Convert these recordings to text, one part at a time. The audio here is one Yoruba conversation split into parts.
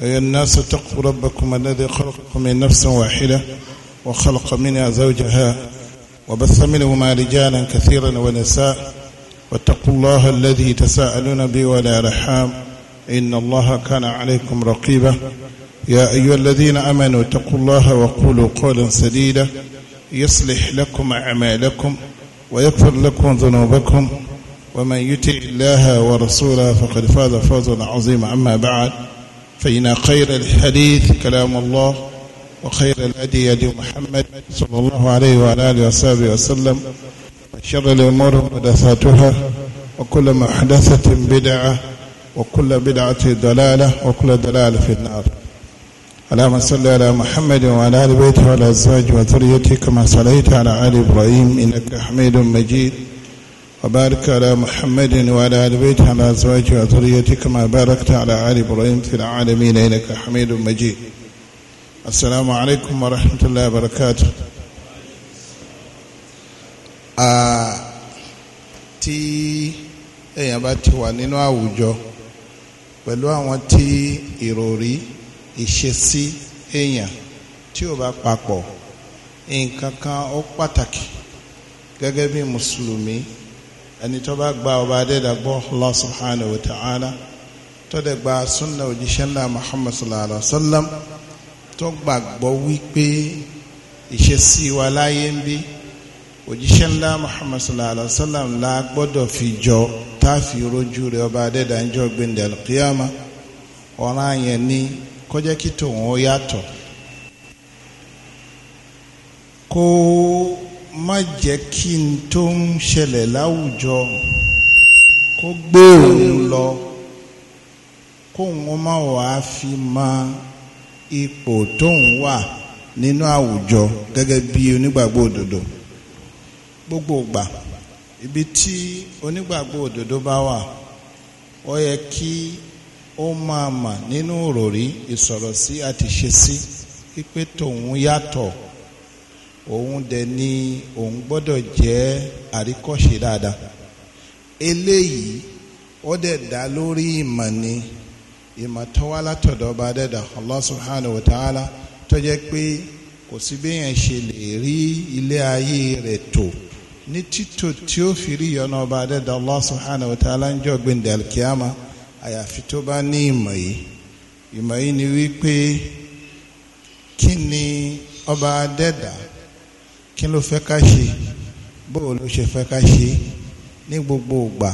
يا الناس اتقوا ربكم الذي خلقكم من نفس واحدة وخلق منها زوجها وبث منهما رجالا كثيرا ونساء واتقوا الله الذي تساءلون به ولا رحام إن الله كان عليكم رقيبا يا أيها الذين أمنوا اتقوا الله وقولوا قولا سديدا يصلح لكم أعمالكم ويغفر لكم ذنوبكم ومن يطع الله ورسوله فقد فاز فوزا عظيما أما بعد فإن خير الحديث كلام الله وخير الهدي هدي محمد صلى الله عليه وعلى آله وصحبه وسلم وشر الأمور محدثاتها وكل محدثة بدعة وكل بدعة ضلالة وكل ضلالة في النار اللهم صل على محمد وعلى آل بيته وعلى أزواجه وذريته كما صليت على آل إبراهيم إنك حميد مجيد وبارك على محمد وعلى آل بيته على أزواجه وذريته كما باركت على آل إبراهيم في العالمين إنك حميد مجيد السلام عليكم ورحمة الله وبركاته tí èèyàn bá ti wà nínú àwùjọ pẹ̀lú àwọn tí ìròrí ìṣesí èèyàn tí ò bá papọ̀ nǹkan kan ó pàtàkì gẹ́gẹ́ bí mùsùlùmí ẹni tó bá gba ọba adéda gbọ́ Allah subhanahu wa ta'ala tó dẹ̀ gba sunna òjíṣẹ́ ńlá Muhammad sallallahu alayhi wa sallam tó gbàgbọ́ wípé ìṣesí wa láyé ń bí òjíṣẹ́ ńlá Muhammad sallallahu alayhi wa sallam la gbọ́dọ̀ fi jọ tá a fi rojú rẹ̀ ọba adéda ń jọ ọ̀ràn yẹn ni kọjá kí tòun ó yàtọ̀ kó má jẹ́ kí n tó ń ṣẹlẹ̀ láwùjọ kó gbé òun lọ kóun má wàá fi mọ ipò tóun wà nínú àwùjọ gẹ́gẹ́ bí onígbàgbọ́ òdodo gbogbo ìgbà ibi tí onígbàgbọ́ òdodo bá wà ó yẹ kí ó máa mà nínú òròrí ìsọ̀rọ̀ sí àti ṣe sí pípé tòun yàtọ̀ òun dẹ ni òun gbọdọ jẹ́ àríkọ́ṣe dáadáa eléyìí ó dá lórí ìmọ̀ ni ìmọ̀ tó wá ọba dẹ́dà Allah subhanahu wa tó jẹ́ pé kò sí ṣe lè rí ilé ayé rẹ̀ tò ní títò tí ó fi rí yọnà ọba dẹ́dà ń jọ àyàfi tó bá ní ìmọ̀ yìí ni wípé kí ni ọba dẹ́dà kí ló fẹ́ ká ṣe bóò ló ṣe fẹ́ ká ṣe ní gbogbo ìgbà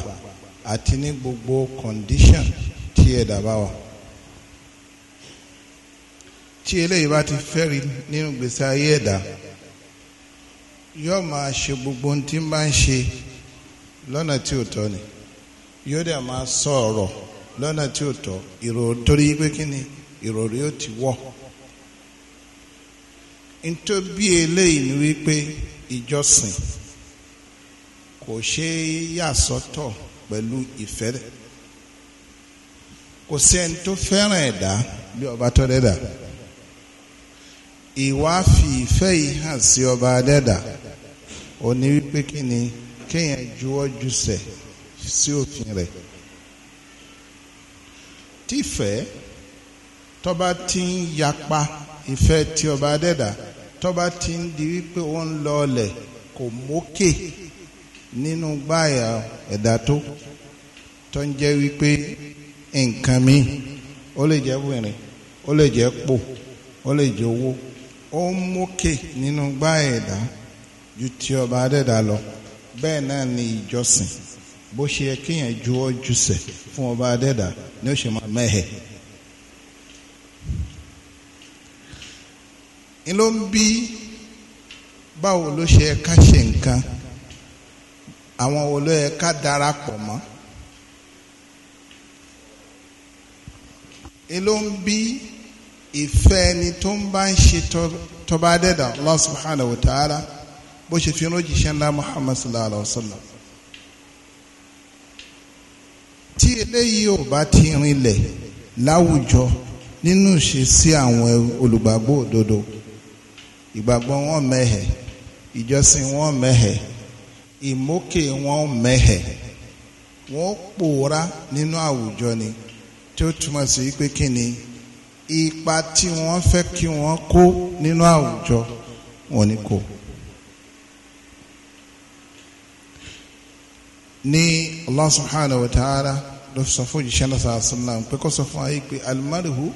àti ní gbogbo condition tí ẹ̀dá bá wà. tí eléyìí bá ti fẹ́rí nínú gbèsè ayé ẹ̀dá yóò máa ṣe gbogbo ohun tí ń bá ń ṣe lọ́nà tí ò tọ́ ni yóò dẹ̀ máa sọ ọ̀rọ̀ lọ́nà tí ò tọ́ ìrò torí pé kí ni ìròrí ó ti wọ̀ nítorí bí eléyìí ni wípé ìjọsìn kò ṣe é yà sọ́tọ̀ pẹ̀lú ìfẹ́ rẹ̀ kò sí ẹni tó fẹ́ràn ẹ̀dá bí ọba tó dẹ́dà ìwà fi ìfẹ́ yìí hàn sí ọba dẹ́dà ó wípé kí ni kéèyàn juwọ́ jùsẹ̀ sí òfin rẹ̀ tífẹ̀ẹ́ tọ́ba ti ń yapa ìfẹ́ tí ọba dẹ́dà tọ́ba ti ń di wípé ó ń lọ ọlẹ̀ kò mókè nínú gbáyà ẹ̀dá tó tó ń jẹ́ wípé nǹkan mi ó lè jẹ́ wìrìn ó lè jẹ́ pò ó lè jẹ́ owó ó ń mókè nínú gbáyà ẹ̀dá ju ti ọba adẹ́dà lọ bẹ́ẹ̀ náà ni ìjọsìn bó ṣe yẹ kéèyàn ju jùsẹ̀ fún ọba adẹ́dà ni ó ṣe máa mẹ́hẹ̀ẹ́. ń ló ń bí báwo ló ṣe ká ṣe nǹkan àwọn wo ló yẹ ká darapọ̀ mọ́ ń ló ń bí ìfẹ́ ẹni tó ń bá ń ṣe tọba adẹ́dà Allah subhanahu wa ta'ala bó ṣe fi ránṣẹ́ ńlá Muhammad sallallahu alaihi wa sallam tí eléyìí ò bá ti rinlẹ̀ láwùjọ nínú ìṣesí àwọn olùgbàgbọ́ òdodo ìgbàgbọ́ wọn mẹ́hẹ̀ ìjọsìn wọn mẹ́hẹ̀ ìmókè wọn mẹ́hẹ̀ wọ́n pòórá nínú àwùjọ ni tí ó túmọ̀ sí pé kí ni ipa tí wọ́n fẹ́ kí wọ́n kó nínú àwùjọ wọn ni kò. ní Allah subhanahu wa ta'ala ló òjíṣẹ́ náà sàásùn náà pé sọ fún ayé pé al-mar'u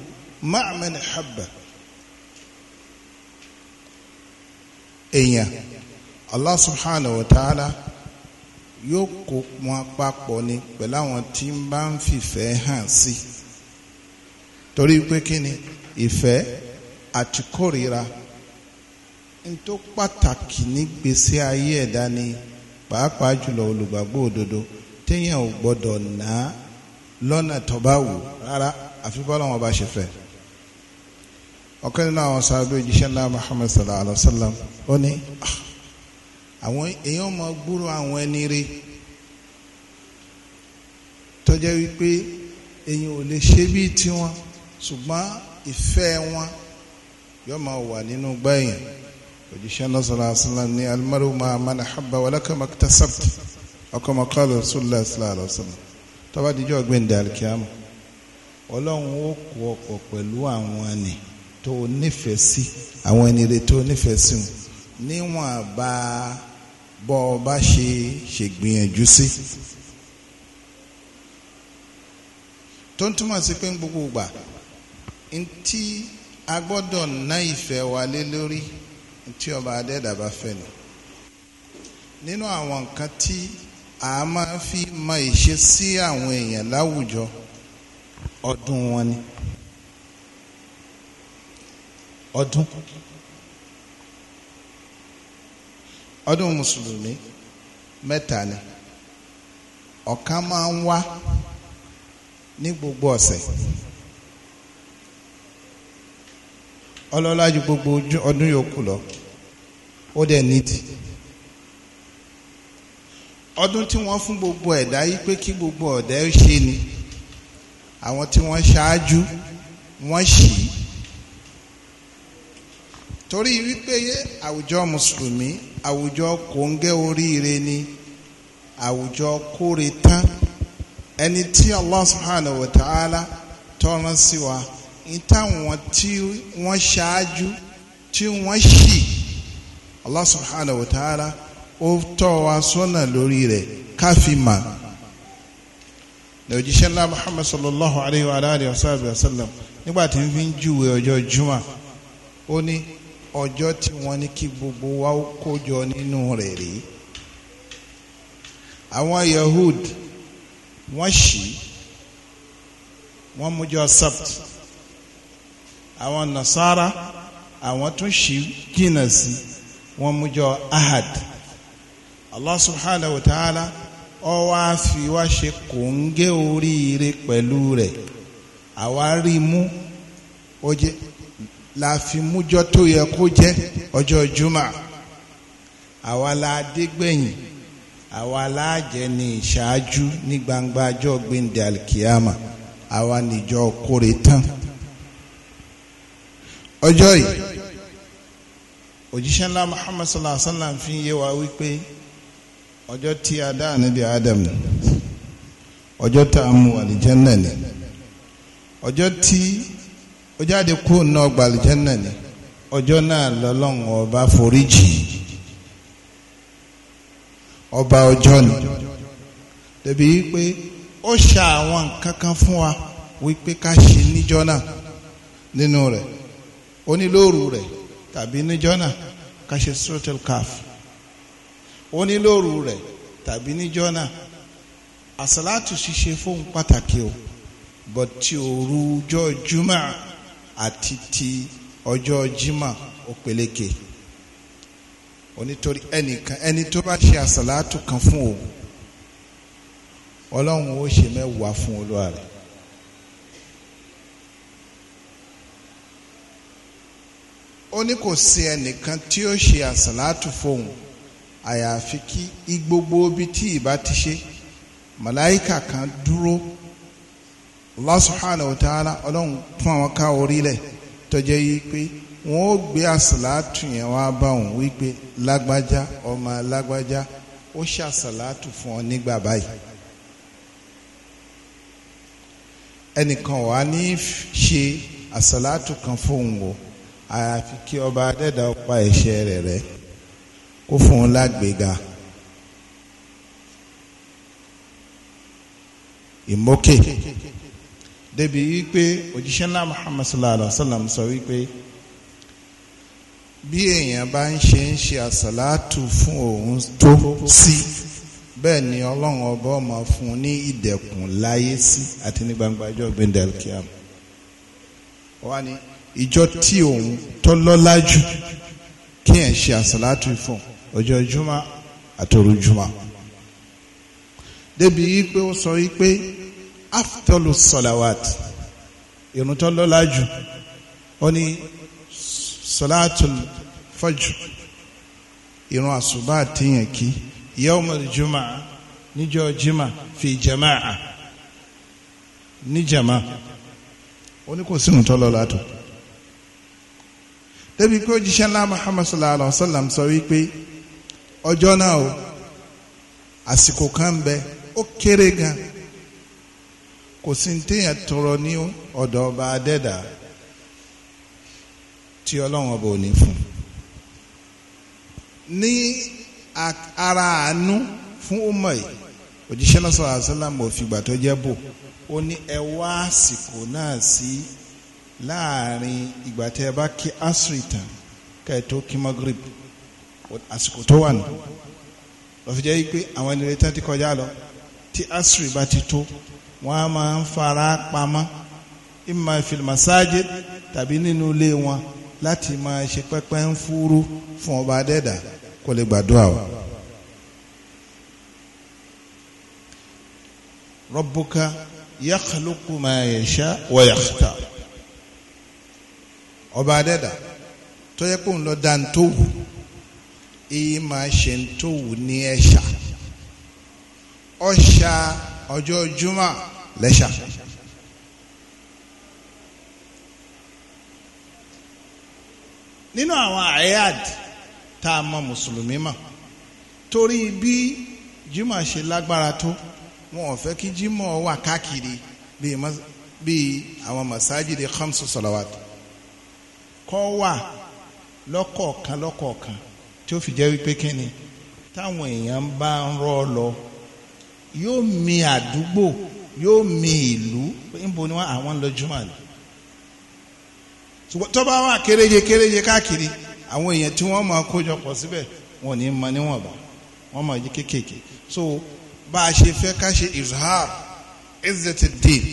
habba. èèyàn Allah subhanahu wa ta'ala yóò kó wọn papọ̀ ni pẹ̀lú àwọn tí ń bá ń fìfẹ́ hàn sí torí pé kí ni ìfẹ́ àti kórìíra n tó pàtàkì nígbésí ayé ẹ̀dá ni pàápàá jùlọ olùgbàgbọ́ òdodo téèyàn ò gbọ́dọ̀ ná lọ́nà tó bá wù rárá àfi bọ́lá wọn bá ṣe fẹ́ ọ̀kan nínú àwọn sábẹ́ òjíṣẹ́ ńlá Muhammad sallallahu alaihi wa sallam ó ní ah, àwọn èèyàn máa gbúrò àwọn ẹni re tó jẹ́ wípé èèyàn ò lè ṣe bíi tiwọn ṣùgbọ́n ìfẹ́ wọn yóò máa wà nínú gbẹ̀yìn òjíṣẹ́ náà sallallahu alaihi wasallam ní alimaru máa man ahabba wa laka maktasabta ọkọ mọ̀kálọ̀ rasulullah sallallahu alaihi wasallam gbẹ̀ǹdẹ̀ alikiyama ọlọ́run ó kó ọ̀pọ̀ pẹ̀lú àwọn ẹni tó nífẹ̀ẹ́ sí àwọn ẹni rẹ̀ tó nífẹ̀ẹ́ sí wọn níwọ̀n bá bọ́ ọ bá ṣe ṣègbìyànjú sí. tó ń túmọ̀ sí pé gbogbo ìgbà ntí a gbọ́dọ̀ ná ìfẹ́ wa lé lórí ntí ọba adẹ́dàbá fẹ́ ni. nínú àwọn nǹkan tí a máa fi mọ ìṣe sí àwọn èèyàn láwùjọ ọdún wọn ni ọdún. Okay. ọdún mùsùlùmí mẹ́ta ni ọ̀kan máa ń wá ní gbogbo ọ̀sẹ̀ ọlọ́lá ju gbogbo ọdún yòókù lọ ó dẹ̀ nídìí ọdún tí wọ́n fún gbogbo ẹ̀dá yìí pé kí gbogbo ọ̀dẹ́ ṣe ni àwọn tí wọ́n ṣáájú wọ́n ṣì í torí wípé àwùjọ mùsùlùmí àwùjọ kòńgẹ́ oríire ni àwùjọ kóre tán ẹni tí Allah subhanahu wa ta'ala tọ́ran sí wa ní táwọn tí wọ́n ṣáájú tí wọ́n ṣì Allah subhanahu wa ta'ala ó tọ́ wa sọ́nà lórí rẹ̀ káfíìmà lòjíṣẹ́ ńlá Muhammad sallallahu alayhi wa alayhi wa sallam nígbà tí n fi ń júwe ọjọ́ juma ó ní ọjọ́ tí wọ́n ní kí gbogbo wa ó kójọ nínú rẹ̀ rí àwọn Yahud wọ́n ṣì wọ́n mújọ sabt àwọn Nasara àwọn tún ṣì jìnnà sí wọ́n mújọ ahad Allah subhanahu wa ta'ala ọ wá fi wá ṣe kòńgẹ́ oríire pẹ̀lú rẹ̀ àwa rí mú ó jẹ́ la fi tó yẹ kó jẹ́ ọjọ́ juma àwa la dégbẹ̀yìn àwa la jẹ́ ìṣáájú ní gbangba ajọ́ gbẹ̀ndẹ̀ alikiyama àwa níjọ kórè tán ọjọ́ yìí òjíṣẹ́ ńlá muhammad sallallahu wa sallam fi yé wa wípé ọjọ́ tí a dá adam ni ọjọ́ tá a mú ni ó jáde kúrò ní ọgbà àlùjẹ́nà ni ọjọ́ náà lọ́lọ́run ọba foríjì ọba ọjọ́ ni dẹ̀bi wípé ó ṣa àwọn nǹkan kan fún wa wípé ká ṣe níjọ́ náà nínú rẹ̀ onílóòrù rẹ̀ tàbí níjọ́ náà ká ṣe suratul kaf onílóòrù rẹ̀ tàbí níjọ́ náà àsàlátù ṣíṣe fóun pàtàkì o bọ̀tí òru ọjọ́ jùmọ̀ àti ti ọjọ́ jimá ó peléke onítorí ẹnìkan ẹni tó bá ṣe àsàlátù kan fún òun ọlọ́run ó ṣe mẹ́wàá fún olúwa rẹ̀ ó ní kò sí ẹnìkan tí ó ṣe àsàlátù fóun àyàfi kí gbogbo ibi tí ìbá ti ṣe màláìkà kan dúró Allah subhanahu wa ta'ala ọlọ́run fún àwọn ká orílẹ̀ tọ́jẹ́ yìí pé wọ́n ó gbé àsàlátù yẹn wá bá òun wípé lágbájá ọmọ lágbájá ó ṣàsàlátù fún ọ nígbà báyìí. ẹnìkan wà ní ṣe àsàlátù kan fóun o àyàfi kí ọba adẹ́dàá pa ẹ̀ṣẹ̀ rẹ̀ rẹ́ kó fún un lágbèga. ìmọ̀kè. Okay débi wípé òjíṣẹ́ náà Muhammad sallallahu alaihi wa sallam sọ wípé bí èèyàn bá ń ṣe ń ṣe àsàlátù fún òun tó sí bẹ́ẹ̀ ni ọlọ́run ọba ọmọ fún un ní ìdẹ̀kùn láyé sí àti ní gbangba ọjọ́ gbẹ̀ndẹ̀ kíam ní ìjọ tí òun tó lọ́lá jù kí ẹ̀ ṣe àsàlátù fún ọjọ́ jùmọ̀ àtòrú jùmọ̀ débi wípé ó sọ wípé aftolu salawat irun tó lọ́lá jù ó ní salatul fajr irun àsùbá àtìyàn kí yawmul jumaa níjọ́ jimá fi jamaa ní jamaa ó ní kò sínú tó lọ́lá tó débi pé òjíṣẹ́ ńlá muhammad sallallahu alayhi wa sallam sọ wípé ọjọ́ náà o àsìkò kan bẹ ó kéré gan-an kò sí téèyàn tọrọ ní ọ̀dọ̀ ọba adẹ́dà tí ọlọ́run ọba ò ní fún ní ara àánú fún ọmọ yìí òjíṣẹ́ náà àṣálàmù òfìgbà tó jẹ́ bò ó ní ẹ wá àsìkò náà sí láàrin ìgbà tí ẹ bá kí asri tán kẹ́ ẹ tó kí magrib àsìkò tó wà nù lọ́fíjẹ́ yìí pé àwọn ènìyàn tí ti kọjá lọ tí asri bá ti tó wọ́n máa ń fara pamọ́ imma fil masajid tàbí nínú ilé wọn láti máa ṣe pẹ́pẹ́ ń fúrú fún ọba adẹ́dà kó lè gbàdúrà o. rabbuka yakhluqu ma yasha wa yakhtar ọba adẹ́dà tó yẹ kó ń lọ dá ń èyí máa ṣe ń ní ẹ̀ṣà ọ̀ṣà ọjọ́ jumá lẹ́ṣà. nínú àwọn ayad tá a mọ mùsùlùmí mọ̀ torí bí jimoh ṣe lágbára tó wọn ò fẹ́ kí jimoh wà káàkiri bíi àwọn masajidi khamsu salawat kọ́ wà lọ́kọ̀ọ̀kan lọ́kọ̀ọ̀kan tí ó fi jẹ́ wípé kíni táwọn èèyàn bá ń rọ́ lọ yóò mi àdúgbò yóò mi ìlú níbo ni wọn àwọn ń lọ jùmọ̀ lọ tó bá wà kéréje kéréje káàkiri àwọn èèyàn tí wọ́n máa kójọ pọ̀ síbẹ̀ wọn ò ní mọ níwọ̀nba wọ́n máa yí kéékèèké so bá a ṣe fẹ́ ká ṣe izhar izzati din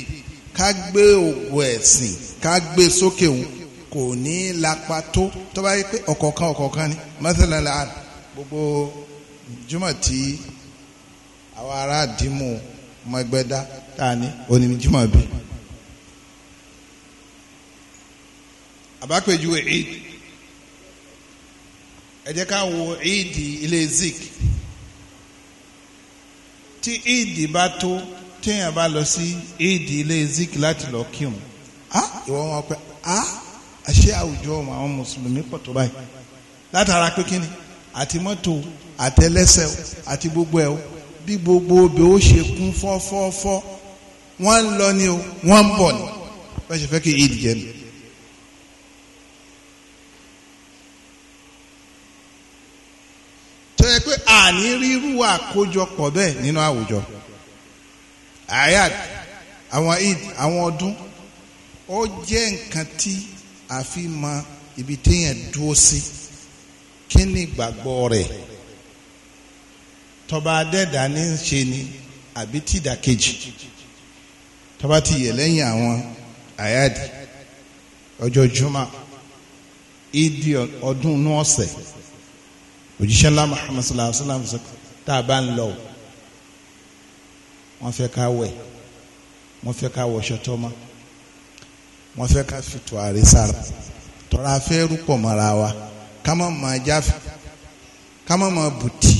ká gbé ògùn ẹ̀sìn ká gbé sókè òun kò ní lapa tó tó bá yẹ pé ọ̀kọ̀ọ̀kan ọ̀kọ̀ọ̀kan ni mathalan la gbogbo jùmọ̀ tí àwọn ará dìímù mọ́gbẹ́dá tani onímọ̀júmọ̀ bí. àbápẹ̀júwe eid ẹ jẹ́ ká wo eid ilé zik tí eid bá tó téèyàn bá lọ sí eid ilé zik láti lọ kírun á ìwọ wọn pé á àṣé àwùjọ àwọn mùsùlùmí pọ̀ tó báyìí látara pé kíni àti mọ́tò àtẹlẹsẹ̀ àti gbogbo ẹ̀ bí gbogbo obè ó ṣe kún fọ́fọ́fọ́ wọ́n ń lọ ni o wọ́n ń bọ̀ ni wọ́n ṣe fẹ́ kí eid jẹ́ ni. tó yẹ pé àní rírú àkójọpọ̀ bẹ́ẹ̀ nínú àwùjọ ayat àwọn eid àwọn ọdún ó jẹ́ nǹkan tí a fi mọ ibi téèyàn dúró sí kí ni ìgbàgbọ́ rẹ̀ tọba adẹ́dá ní ṣe ni àbí tìdàkejì tọ́ba ti yẹ lẹ́yìn àwọn àyáàdì ọjọ́ juma ìdí ọdún inú ọ̀sẹ̀ òjíṣẹ́ ńlá muhammad sallallahu alayhi wa sallam tá a bá ń lọ wọ́n fẹ́ ká wẹ̀ wọ́n fẹ́ ká wọṣọ tọ́mọ wọ́n fẹ́ ká fi tùràrí sára tọ́ra afẹ́ rúpọ̀ mọ́ra wa ká má máa jáfe ká má bùtì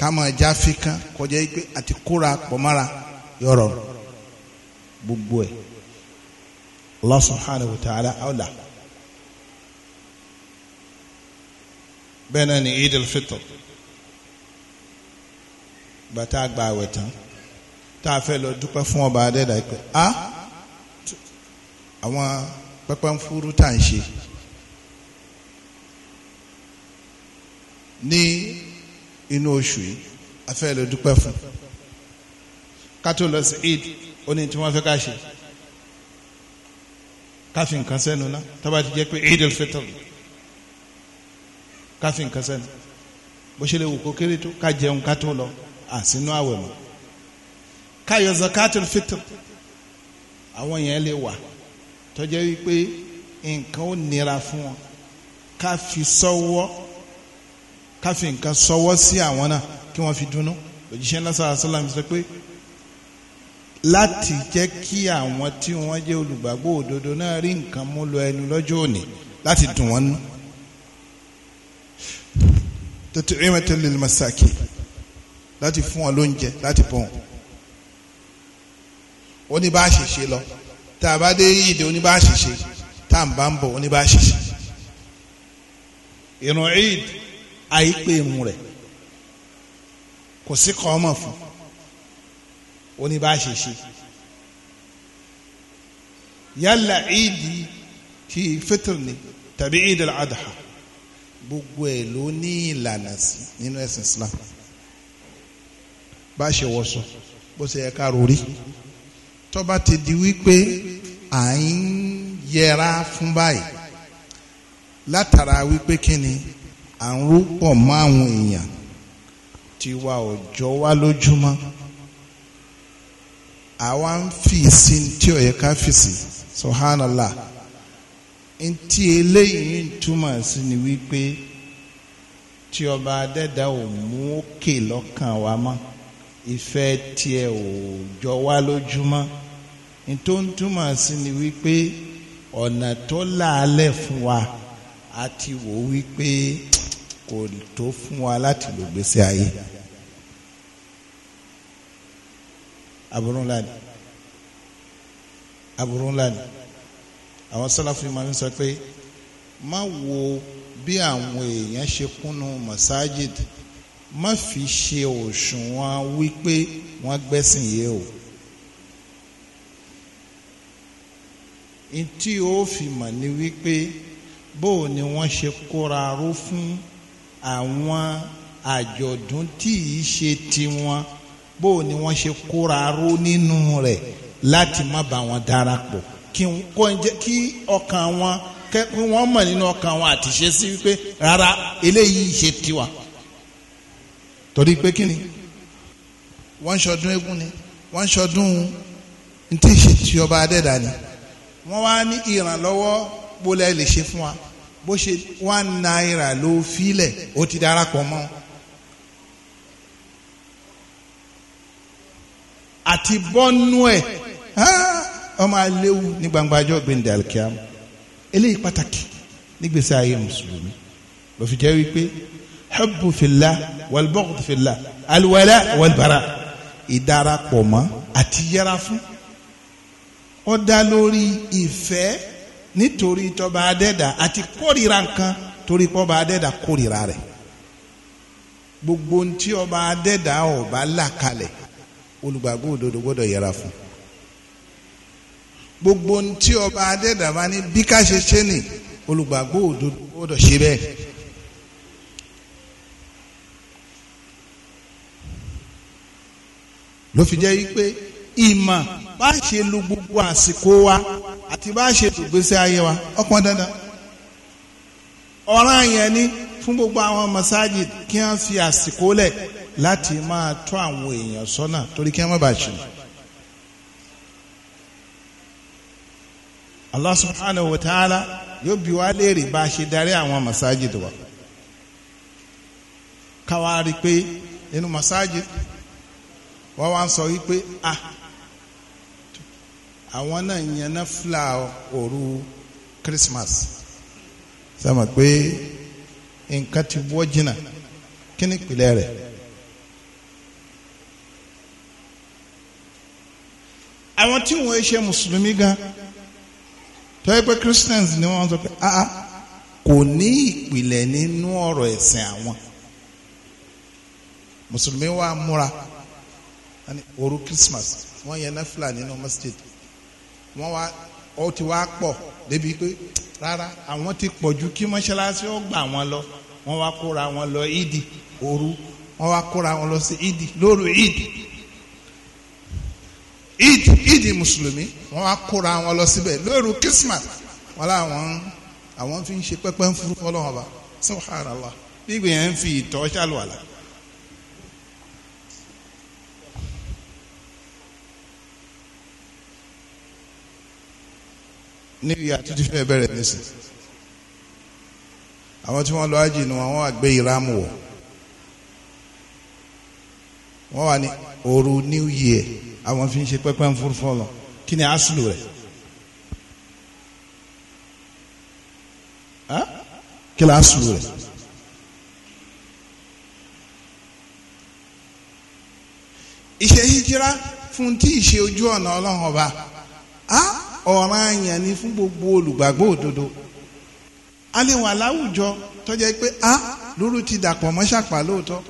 ká máa jáfe kán kọjá yìí àti kóra pọ̀ mọ́ra gbogbo ẹ̀ Allah subhanahu wa ta'ala awla bẹ́ẹ̀ náà ni Eid al-Fitr bàtà gba àwẹ̀ tán tá a fẹ́ lọ dúpẹ́ fún ọba adẹ́dà pé a àwọn pẹpẹ ń fúrú tá à ń ṣe ní inú oṣù yìí a fẹ́ lọ dúpẹ́ fún ká lọ sí Eid ó ní tí wọ́n fẹ́ ká ṣe káfí nǹkan sẹ́nu ná tọ́ba ti jẹ́ pé Eid al-Fitr káfí nǹkan sẹ́nu bó ṣe lè wù kó kéré tó ká jẹun ká tó lọ àsínú àwẹ̀ mọ́ ká yọ zakatul fitr àwọn yẹn lè wà tó jẹ́ wípé nǹkan ó nira fún wọn ká fi sọ́wọ́ ká nǹkan sọ́wọ́ sí àwọn náà kí wọ́n fi dùnnú òjíṣẹ́ náà sallallahu alaihi wasallam sọ pé láti jẹ́ kí àwọn tí wọ́n jẹ́ olùgbàgbọ́ òdodo náà rí nǹkan mú lọ ẹnu lọ́jọ́ òní láti dùn wọ́n nú. tètè ìmọ̀tò lè lè masaki láti fún wọn lóúnjẹ láti bọ̀ wọn. oníbàṣìṣe lọ tá a bá dé ìdè oníbàṣìṣe tá à ń bá ń bọ̀ oníbàṣìṣe. ìrùn ìd àìpé rẹ̀ kò sí kọ́ ọmọ fún un oníbàṣeṣe yálà ìdí ti fitr ni tàbí ìdí al-adha gbogbo ẹ̀ ló ní ìlànà sí nínú ẹ̀sìn Islam bá ṣe wọṣọ bó ṣe yẹ ká rori tó bá ti di wípé à ń yẹra fún báyìí látara wípé kí à ń rúpọ̀ mọ́ àwọn èèyàn tiwa ọ̀jọ́ wa lójúmọ́ àwa ń fi sí tí ó yẹ ká fi sí subhanallah ntí eléyìí ń túmọ̀ sí ni wípé tí ọba adẹ́dá ò mú òkè lọ́kàn wa mọ́ ìfẹ́ tiẹ̀ ò jọ wá lójúmọ́ ntó sí ni wípé ọ̀nà tó láàlẹ̀ fún wa àti wò wípé kò tó fún wa láti lògbèsè ayé. Yeah, yeah. aburú ńlá ni aburú ńlá ni àwọn sálàfù máa ń sọ pé má wo bí àwọn èèyàn ṣe kúnnú masajid má fi ṣe òṣùwọ̀n wípé wọ́n gbẹ́sìn yé o. ntí o fi mọ̀ ni wípé bó o ni wọ́n ṣe kóra ró fún àwọn àjọ̀dún tí ì ṣe tiwọn bó ni wọ́n ṣe kóra ró nínú rẹ̀ láti má bá wọn darapọ̀ kí ọkàn wọn kí wọ́n mọ̀ nínú ọkàn wọn àti ṣe sí wípé rárá eléyìí ṣe tiwa torí pé kí ni wọ́n ń ṣọdún eégún ni wọ́n ń ṣọdún ntí ṣe ti ọba adẹ́dà ni wọ́n wá ní ìrànlọ́wọ́ bó lẹ́ lè ṣe fún wa bó ṣe one naira ló filẹ̀ ó ti darapọ̀ mọ́ wọn. àti bọ́nú ẹ̀ ọmọ aléwu ní gbangba ajọ́ gbẹ̀ndẹ̀ alikiam eléyìí pàtàkì nígbèsè ayé mùsùlùmí lọ́fi jẹ́ wípé hubbu fillah wal bughd fillah alwala wal bara ìdarapọ̀ mọ́ àti yẹra fún ó dá lórí ìfẹ́ nítorí tọba adẹ́dà àti kórìíra nǹkan torí pọ́ba adẹ́dà kórìíra rẹ̀ gbogbo ntí ọba adẹ́dà ọba là kalẹ̀ olùgbàgbọ́ òdodo gbọ́dọ̀ yẹra fún gbogbo ohun tí ọba adẹ́dàbá ní bí ká ṣe ṣe nì olùgbàgbọ́ òdodo gbọ́dọ̀ ṣe bẹ́ẹ̀. ló fi jẹ́ wípé ìmọ̀ bá ṣe lu gbogbo àsìkò wa àti bá ṣe tògbésí ayé wa ọpọn dandan ọ̀ràn yẹn ni fún gbogbo àwọn masajid kí wọ́n fi àsìkò lẹ̀ láti máa tọ́ àwọn èèyàn sọ́nà torí kí wọ́n má bàa ṣìnà. Allah subhanahu wa ta'ala yóò bi wá léèrè bá a ṣe darí àwọn masajid wa káwa rí i pé nínú masajid wọ́n wá ń sọ wípé ah àwọn náà yẹn náà fúlà òru Christmas sọ ma pé nǹkan ti wọ́ jìnnà kí ni ìpìlẹ̀ rẹ̀. àwọn tí wọ́n ṣe mùsùlùmí gan tọ́yẹ pé christians ni wọ́n sọ pé ah kò ní ìpìlẹ̀ nínú ọ̀rọ̀ ẹ̀sìn àwọn mùsùlùmí wa múra òru christmas wọ́n yẹn náfìlà nínú masjid wọ́n wá ó ti wá pọ̀ débi pé rárá àwọn ti pọ̀ ju kí mọ́ṣáláṣí ó gbà wọ́n lọ wọ́n wá kóra wọn lọ ìdí òru wọ́n wá kóra wọn lọ sí ìdí lóru ìdí eid eid mùsùlùmí wọ́n wá kóra wọn lọ síbẹ̀ lóru Christmas wọn làwọn àwọn fi ń ṣe pẹ́pẹ́ ń furu fọlọ́wọ́n ba subhanallah bí gbìyànjú fi ìtọ́ ṣàlùwàlà. níbi àtúntí fẹ́ bẹ̀rẹ̀ nísìn àwọn tí wọ́n lọ ájì ni wọ́n wà gbé ìramù wọ̀ wọ́n wà ní òru new year àwọn fi ń ṣe pẹ́pẹ́ ń fúru fọlọ kí ni aṣọ rẹ̀ kí ni aṣọ rẹ̀. ìṣe hijira fún tí ìṣe ojú ọ̀nà ọlọ́run ọba ọ̀ràn àyàn ni fún gbogbo olùgbàgbọ́ òdodo a lè wà láwùjọ tó jẹ́ pé a lóru ti dàpọ̀ mọ́ ṣàpà lóòótọ́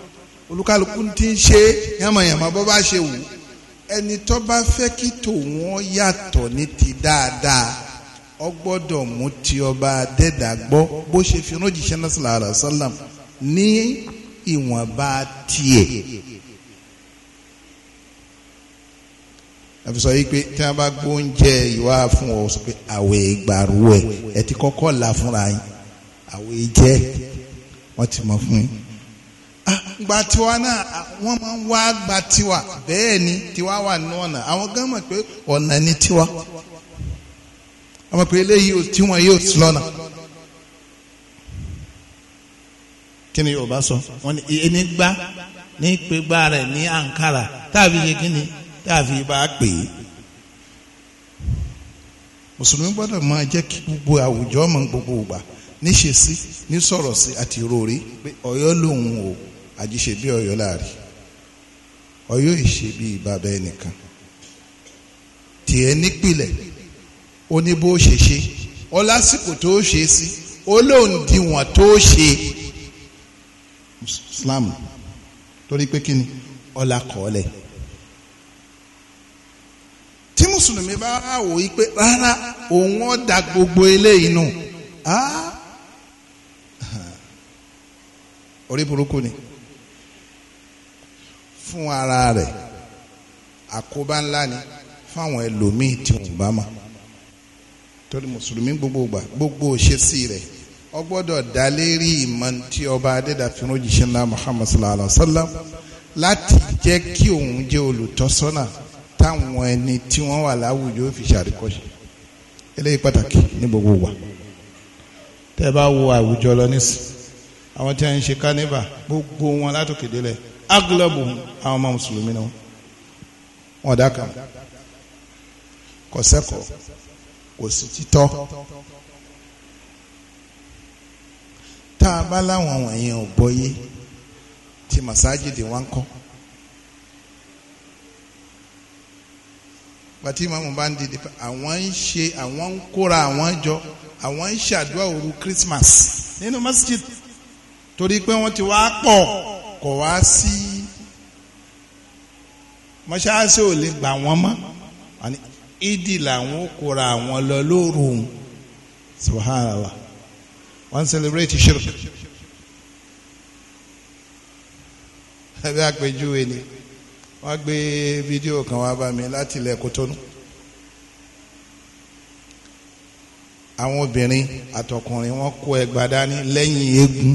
olúkálukú ti ń ṣe yànmọ̀yànmọ̀ bó bá ṣe wù ú ẹni tó bá fẹ́ kí tòun yàtọ̀ ní ti dáadáa ó gbọ́dọ̀ mú ti ọba adẹ́dà gbọ́ bó ṣe fi rán jíṣẹ́ náà sallallahu alaihi wasallam ní ìwọ̀nba tiẹ̀. àfisọ yìí pé tí wọn bá gbóúnjẹ ìwà fún ọ sọ pé àwẹ̀ ìgbàrú ẹ̀ ẹ ti kọ́kọ́ là fúnra yín àwẹ̀ jẹ́ wọ́n ti mọ̀ fún yín gba tiwa náà wọ́n máa ń wá gba tiwa bẹ́ẹ̀ ni tiwa wà ní ọ̀nà àwọn gan mọ̀ pé ọ̀nà ni tiwa àwọn pé eléyìí tí wọ́n yóò ti lọ́nà. kí ni Yorùbá sọ wọ́n ní ẹni gbá ní pẹgbà rẹ̀ ní Ankara tàbí ṣe kí ni tàbí bá pè é. mùsùlùmí gbọ́dọ̀ máa jẹ́ kí gbogbo àwùjọ mọ̀ gbogbo ìgbà níṣe sí ní sọ̀rọ̀ sí àti ìròrí pé Ọ̀yọ́ lòun o àjíṣe bí ọ̀yọ́ láàrin ọ̀yọ́ ìṣe bí bàbá ẹnìkan tiẹ̀ nípìlẹ̀ ó ní bó ṣe ṣe ó lásìkò tó ṣe sí ó lóun diwọ̀n tó ṣe Islam torí pé kí ni ọlá kọ́ọ̀lẹ̀ tí mùsùlùmí bá wò yí pé rárá òun ó da gbogbo eléyìí nù orí burúkú ni fún ara rẹ̀ àkóbá ńlá ni fáwọn ẹlòmíì tí wọn bá mọ̀ torí mùsùlùmí gbogbo gbà gbogbo òṣèṣì rẹ̀ ó gbọ́dọ̀ dá lérí ìmọ̀ ọba adédàfin òjíṣẹ́ ńlá sallallahu alaihi wa sallam láti jẹ́ kí òun jẹ́ olùtọ́sọ́nà táwọn ẹni tí wọ́n wà láwùjọ fi ṣàríkọ́ṣe eléyìí pàtàkì ní gbogbo wa tẹ́ bá wo àwùjọ lọ nísìn àwọn tí wọ́n ń ṣe kánífà gbogbo wọn látòkè délẹ̀ agilẹ́bù àwọn ọmọ mùsùlùmí náà wọn dá kan kò sẹ́kọ̀ọ́ kò sí títọ́ tá a bá láwọn wọ̀nyẹn ò gbọ́yé tí masajidi wọn kọ́ bàtí màmú bá ń dìde àwọn ń ṣe àwọn ń kóra àwọn jọ àwọn ń ṣàdúrà òru Christmas nínú masjid torí pé wọ́n ti wá pọ̀ kò wá sí mọ́ṣáláṣí ò lè gbà wọ́n mọ́ ìdí làwọn kóra àwọn lọ lóru subhanallah wọ́n celebrate shirk ẹbí àpèjúwe ni wọ́n gbé fídíò kan wá bá mi láti ilẹ̀ Kòtónú àwọn obìnrin àtọkùnrin wọ́n kó ẹgbàá dání lẹ́yìn eégún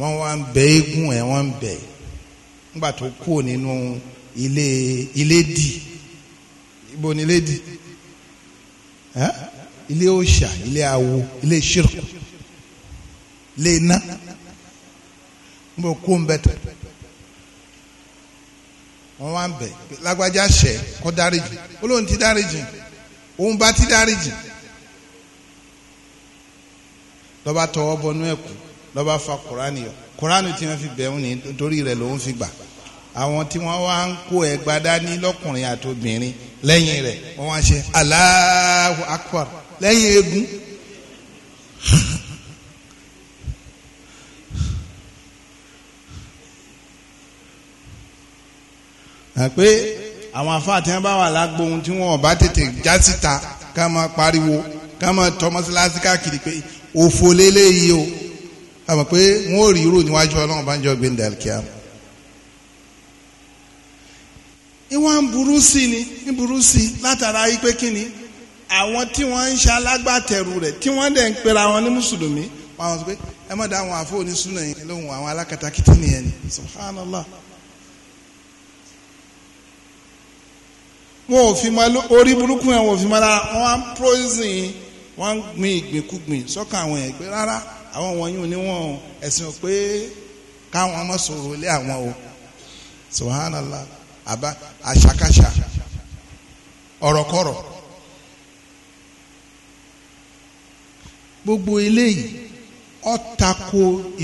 wọ́n wá ń bẹ eégún ẹ̀ wọ́n ń bẹ nígbà tó kúrò nínú ilé ilé dì ibo ni ilé dì ilé òòṣà ilé awo ilé ṣírò ilé iná níbo kó ń bẹ tẹ wọ́n wá ń bẹ lágbájá ṣẹ kó dáríjì ó lóun ti dáríjì òun bá ti dáríjì lọ́ba tọwọ́ bọnú ẹ̀kú lọ́ba fa kùránì yọ kùránì tí wọ́n fi bẹ̀ ń ní torí rẹ̀ ló ń fi gbà àwọn tí wọ́n wá ń kó ẹgba dání lọ́kùnrin àti obìnrin lẹ́yìn rẹ̀ wọ́n wá ṣe Allahu Akbar lẹ́yìn egun àpé àwọn afáàtì wọn bá wà lágbo ohun tí wọn bá tètè já síta ká máa pariwo ká máa tọmọ síláṣí káàkiri pé òfò lélẹ́yìí o àmọ́ pé wọn ò rí irú níwájú ọlọ́run bá ń jọ gbẹ̀ndà kíá. ìwọ̀n ń burú sí ni ń burú sí látara pé kí ni àwọn tí wọ́n ń ṣe alágbàtẹ̀rù rẹ̀ tí wọ́n dẹ̀ ń pera wọn ní mùsùlùmí wọn àwọn sọ pé ẹ mọ̀ dá àwọn àfọ onísùnà yẹn lóhùn àwọn alákatakítí nìyẹn ni subhanallah. wọn ò fi mọ orí burúkú yẹn wọn ò fi mọ lára wọn á ń prozin wọn ń gbin ìgbìnkúgbìn sọ́kàn àwọn yẹn pé rárá àwọn wọ̀nyí ni wọ́n ẹ̀sìn ò pé káwọn ọmọ sọ̀rọ̀ lé àwọn o subhanallah àbá àṣàkáṣà ọ̀rọ̀kọ̀rọ̀ gbogbo eléyìí ó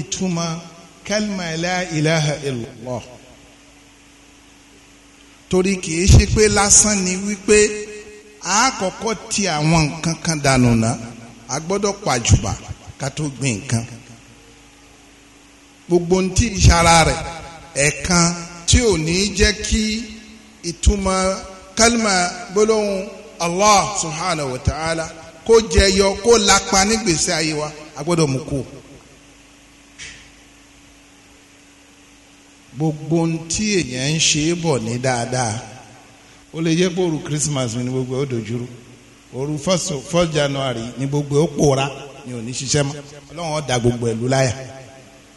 ìtumọ̀ kẹlma la ilaha illallah torí kìí ṣe pé lásán ni wípé a kọ́kọ́ ti àwọn nǹkan kan dànù ná a gbọ́dọ̀ pàjùbà ká tó gbìn nǹkan gbogbo ntí ìṣara rẹ̀ ẹ̀kan tí ò ní jẹ́ kí ìtumọ̀ kálímà gbólóhùn Allah subhanahu wa ta'ala kó jẹyọ kó lapa nígbèsè ayé wa a gbọ́dọ̀ mú kó. gbogbo ntí èèyàn ń ṣe é bọ̀ ní dáadáa ó lè jẹ́ pé òru Christmas mi ní gbogbo ó dojúrú òru first January ni gbogbo ó pòórá ni ò ní ṣiṣẹ́ mọ́ ọlọ́run ó da gbogbo ẹ̀lú láyà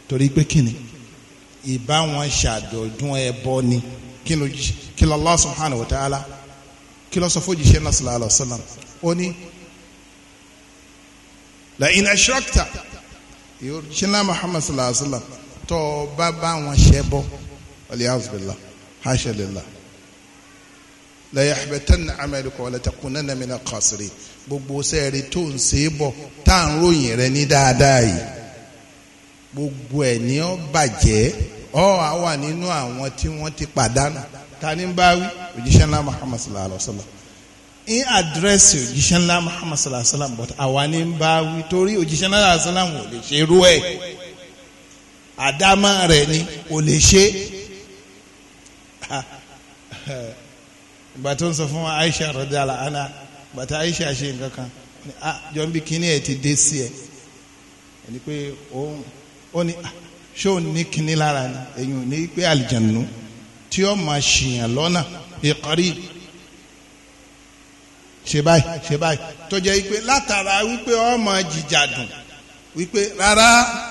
torí pé kíni ìbá wọn ṣàjọ̀dún ẹbọ ni kí lọ Allah subhanahu wa ta'ala kí lọ sọ fójìṣẹ́ náà sallallahu alaihi wasallam ó ní la in ashrakta yorùsílá Muhammad sallallahu alaihi tó bá bá wọn ṣẹbọ alihamudulilah haṣẹlillah la yahbatanna amaluka wala takunanna mina khasirin gbogbo sẹ́ẹ̀rì tó ń ṣe é bọ̀ tá à ń ròyìn rẹ ní dáadáa yìí gbogbo ẹ̀ ní ó bàjẹ́ ó á wà nínú àwọn tí wọ́n ti pàdánù ta ni bá wí òjíṣẹ́ ńlá muhammad sallallahu alayhi wa sallam in àdírẹ́sì òjíṣẹ́ ńlá muhammad sallallahu alayhi wa sallam but àwa ni bá wí torí òjíṣẹ́ ńlá sallallahu alayhi wa sallam ò lè ṣe irú ẹ̀ àdámọ́ rẹ̀ ni ò lè ṣe ìgbà tó ń sọ fún Aisha rọdàlà ana ìgbà Aisha ṣe nǹkan kan ah, jọ ń bí kíní ẹ ti dé sí ẹ ẹni pé òun ó ní ah, ṣé ní kíní lára ni èyí ò ní pé àlìjànú tí ó máa ṣìyàn lọ́nà ìkọ́rí ṣe báyìí ṣe báyìí tó jẹ́ wípé látara wípé ó máa jìjà dùn wípé rárá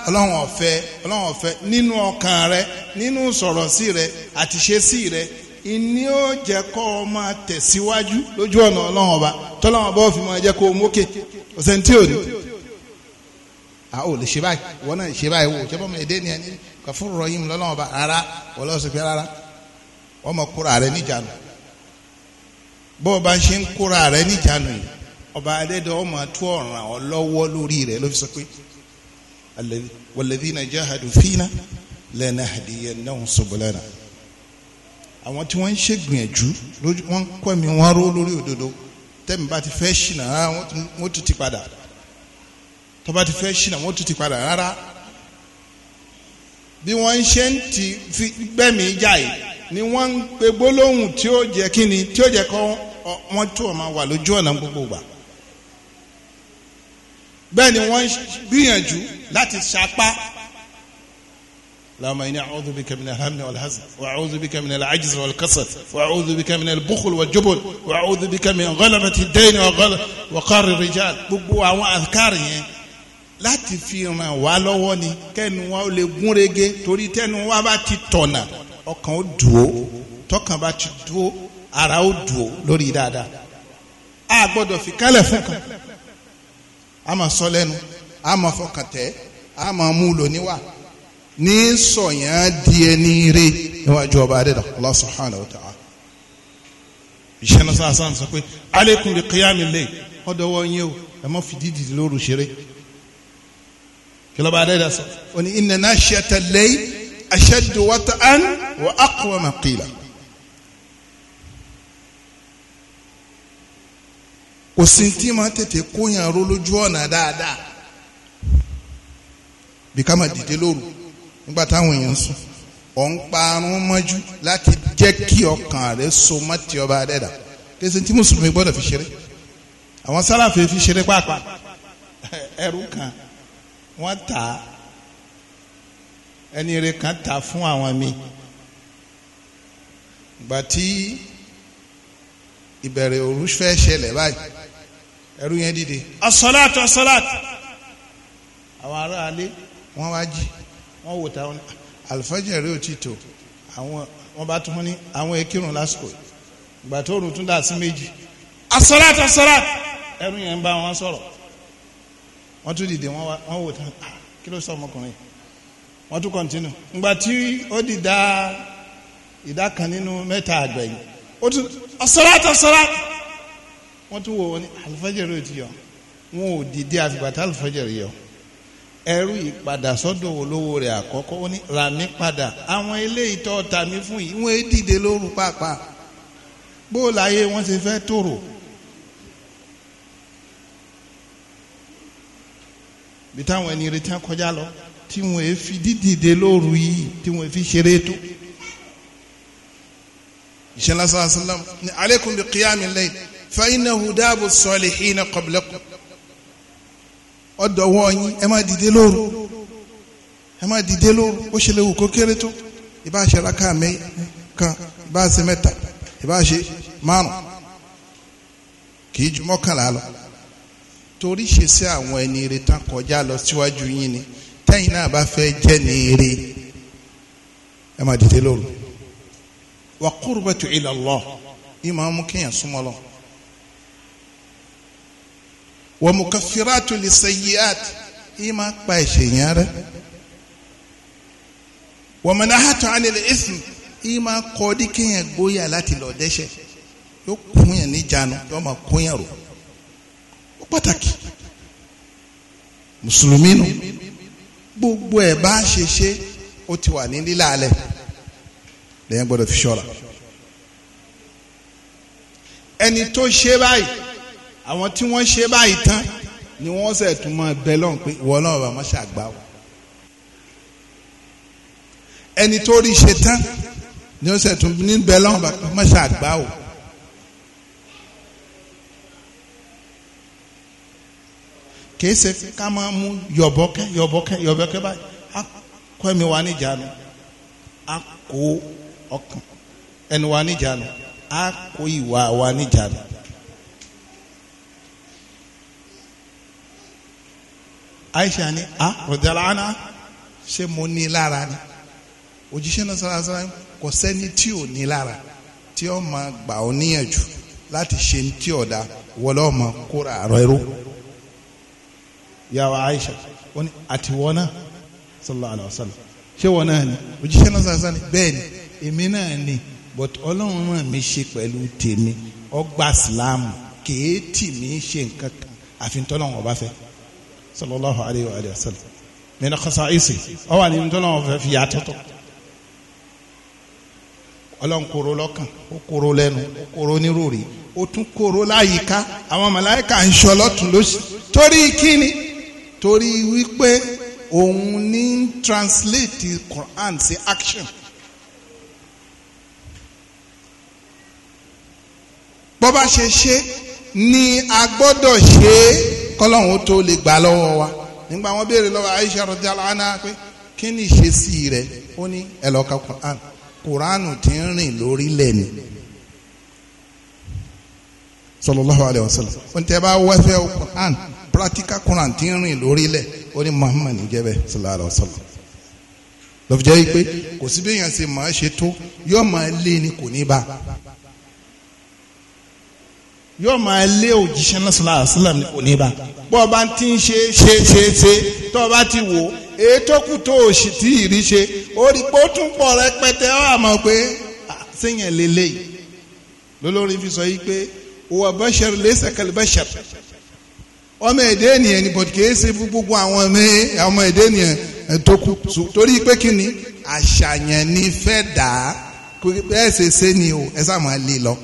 ọlọ́run ọ̀fẹ́ ọlọ́run ọ̀fẹ́ nínú ọkàn rẹ nínú sọ̀rọ̀ sí rẹ àti sí rẹ ìní ó jẹ́ kọ́ ọ máa tẹ̀síwájú lójú ọ̀nà ọlọ́run ọba tọ́lọ́run ọba ó fi máa jẹ́ kó o mókè ọ̀sẹ̀ tí ò ní. a ò lè ṣe báyìí wọ́n náà ṣe báyìí wò ó jẹ́bọ́n èdè ni ẹni kò fún rọ yín lọ́lọ́run ọba rárá wọ́n lọ́ọ́ sọ pé rárá wọ́n mọ̀ kóra rẹ níjànú. bó o bá ṣe ń kóra rẹ níjànú yìí ọba adédọ̀ ọmọ tó ọ̀ràn ọ lọ́wọ́ lórí rẹ ló fi sọ pé walladhina jahadu àwọn tí wọ́n ń ṣègbìyànjú wọ́n ń kọ́ mi wọ́n ró lórí òdodo tẹ́mi bá ti fẹ́ ṣìnà rárá wọ́n tún ti padà tó ti fẹ́ ṣìnà wọ́n tún ti padà rárá bí wọ́n ń ṣe ń ti fi gbẹ́mí jáì ni wọ́n ń pe gbólóhùn tí ó jẹ́ kíni tí ó jẹ́ kọ́ wọ́n tún ọ̀ máa wà lójú ọ̀nà gbogbo gbà bẹ́ẹ̀ ni wọ́n gbìyànjú láti sapá اللهم إني أعوذ بك من الهم والحزن وأعوذ بك من العجز والكسل وأعوذ بك من البخل والجبن وأعوذ بك من غلبة الدين وقار الرجال gbogbo àwọn àkàrà yẹn láti fi ràn wá lọ́wọ́ ni kẹ́nu wa ó lè gún régé torí tẹ́nu wa bá ti tọ̀nà ọkàn ó dùó tọkàn bá ti dùó ara ó dùó lórí dáadáa a gbọ́dọ̀ fi kálẹ̀ fún kan a máa sọ lẹ́nu a máa fọkàn tẹ́ a máa mú lò níwà ní sọ̀yàn di ẹni rẹ níwájú ọba adẹ́dà Allah subhanahu wa ta'ala ìṣẹ́ náà sáà sáà sọ pé alaykum bi qiyamil layl ọdọwọ yín o ẹ má fi dídì lóru ṣeré kí ló bá adẹ́dà sọ ọ ní inna nashiyata layl ashaddu wata'an wa aqwama qila. kò sí tí ma tètè kóyàn ró ọ̀nà dáadáa bí ká má dìde lóru nígbà táwọn èèyàn sùn ọ̀ ń parun mọ́jú láti jẹ́ kí ọkàn rẹ̀ so mọ́ ti ọba adẹ́dà kèsì tí mùsùlùmí gbọ́dọ̀ fi ṣeré àwọn sálàfẹ́ fi ṣeré pàápàá ẹrú kan wọ́n tà á ẹni rẹ̀ kan tà fún àwọn míì ìgbà tí ìbẹ̀rẹ̀ òru fẹ́ ṣẹlẹ̀ báyìí ẹrú yẹn dìde asọ́láàtì asọ́láàtì àwọn ará wọ́n wá jí wọ́n wò táwọn àlùfáàjì rẹ̀ ò ti àwọn wọ́n bá tún ní àwọn ekirun lásìkò ìgbà tó rùn tún dà sí méjì asọ́ràt asọ́ràt ẹrú yẹn ń bá wọn sọ̀rọ̀ wọ́n tún dìde wọ́n wò táwọn kí ló sọ ọmọkùnrin wọ́n tún kọ́ntínú ìgbà tí ó di dá ìdá kan nínú mẹ́ta àgbẹ̀yìn ó tún asọ́ràt asọ́ràt wọ́n tún wò wọ́n ní àlùfáàjì rẹ̀ yọ wọn ò dìde àfìgbà tá àlùfáàjì yọ ẹrú yìí padà sọ́dọ̀ olówó rẹ̀ àkọ́kọ́ ó ní rà mí padà àwọn eléyìí tó ta mí fún yìí wọ́n dìde lóru pàápàá bó láyé wọ́n ṣe fẹ́ tòrò. bí táwọn ẹni retí kọjá lọ tí wọ́n fi dídìde lóru yìí tí wọ́n fi ṣeré tó. ìṣẹ́lá sàlám ní alaykum bi qiyamil layl fa innahu daabu salihin qablakum ọdọwọ yín ẹ má dìde lóru ẹ má dìde lóru ó ṣe léwu kó kéré tó ìbá ṣe raka mi kan ìbá ṣe mẹ́ta ìbá ṣe márùn kì í ju mọ́kànlá lọ torí ṣe sí àwọn ẹni rẹ tán kọjá lọ síwájú yín ni tẹ́yìn náà bá fẹ́ jẹ́ ní rẹ ẹ má dìde lóru wa qurbatu ila Allah yìí máa mú kéèyàn súnmọ́ lọ́wọ́ wa mukaffiratu lisayyi'at yìí máa pa ẹ̀ṣẹ̀ yẹn rẹ wa manahatu 'anil ism yìí máa kọ́ ọ́ díkéyàn gbóyà láti lọ dẹ́ṣẹ̀ yóò kún yàn níjànú yóò máa kún yàn rò ó pàtàkì mùsùlùmí nù gbogbo ẹ̀ bá ṣe ṣe ó ti wà ní lílà alẹ́ lẹ́yìn gbọ́dọ̀ fi ṣọ́ra ẹni tó ṣe báyìí àwọn tí wọ́n ṣe báyìí tán ni wọ́n sẹ̀ tún máa bẹ lọ́n pé ìwọ náà bá má ṣàgbá o ẹni tó rí ṣe tán ni ó sẹ̀ tún ní bẹ lọ́n bá má ṣàgbá o. kìí ṣe ká máa mú yọ̀bọ̀kẹ́ yọ̀bọ̀kẹ́ yọ̀bọ̀kẹ́ báyìí á kọ́ ẹ̀mí wa níjànú á kó ọkàn ẹnu wa níjànú á kó ìwà wa níjànú. Aisha ni a ah, rọjàlánà ṣé mo ní lára ni òjíṣẹ́ náà sọ́ra sọ́ra kò sẹ́ni tí ò ní lára tí ó máa gbà ọ́ níyànjú láti ṣe ní tí ọ̀dà wọlé ọmọ kóra àrọ ẹrú yàwó Aisha wọn ni àtiwọ́ náà sallallahu alaihi wasallam ṣé wọn náà ni òjíṣẹ́ náà sọ́ra ni bẹ́ẹ̀ ni èmi náà ni but ọlọ́run náà mi ṣe pẹ̀lú tèmi ọgbà sílámù kèétì mi ṣe nǹkan kan àfi tọ́lọ́run ọba fẹ́ sallallahu alayhi wa alihi wa sallam mina khasaisi ọwọ́ àlè nítorí wọn fẹ́ fi yàtọ̀tọ̀ ọlọ́run koro lọ́kàn ó koro lẹ́nu ó koro nírúurì ó tún koro láyìíká àwọn màláìka ń sọ lọ́tún lósì torí kíni torí wípé òun ní translate Quran sí action. bọ́ba ṣe ṣe ni a gbọ́dọ̀ ṣe kọ́lọ́hún ó tó lè gbà lọ́wọ́ wa nígbà wọn béèrè lọ́wọ́ Aisha radiyallahu anha pé kí ni ìṣesí rẹ̀ ó ní ẹ̀lọ́ka Qur'an Qur'an ti ń rìn lórílẹ̀ ni sallallahu alayhi wa sallam wọn tẹ bá wẹfẹ Qur'an practical Qur'an ti ń rìn lórílẹ̀ ó ní Muhammad jẹ́bẹ̀ sallallahu alayhi wa sallam lọ́fíjẹ́ yìí pé kò sí èèyàn ṣe máa ṣe tó yọ́ máa lé ni kò ní bá yóò máa lé òjíṣẹ́ náà sọ̀rọ̀ àṣìlẹ̀ ní kò ní bá bó o bá ti ń ṣe ṣe ṣe ṣe tó o bá ti wò èyí tó kù tó o sì ti rí ṣe ó tún pọ̀ rẹpẹtẹ ó àmọ́ pé sẹ́yìn lélẹ́yìí lólórí fi sọ yìí pé òwò bẹ́ṣẹ̀rì lẹ́sẹ̀kẹ̀lẹ́ bẹ́ṣẹ̀rì ọmọ èdè ènìyàn ni bọ̀dù kìí ṣe gbogbo àwọn ọmọ èdè ènìyàn tó kù torí pé kí ni àṣàyàn ni fẹ́ dà á pé ẹ ṣe ṣe ni o ẹ sáà máa lè lọ.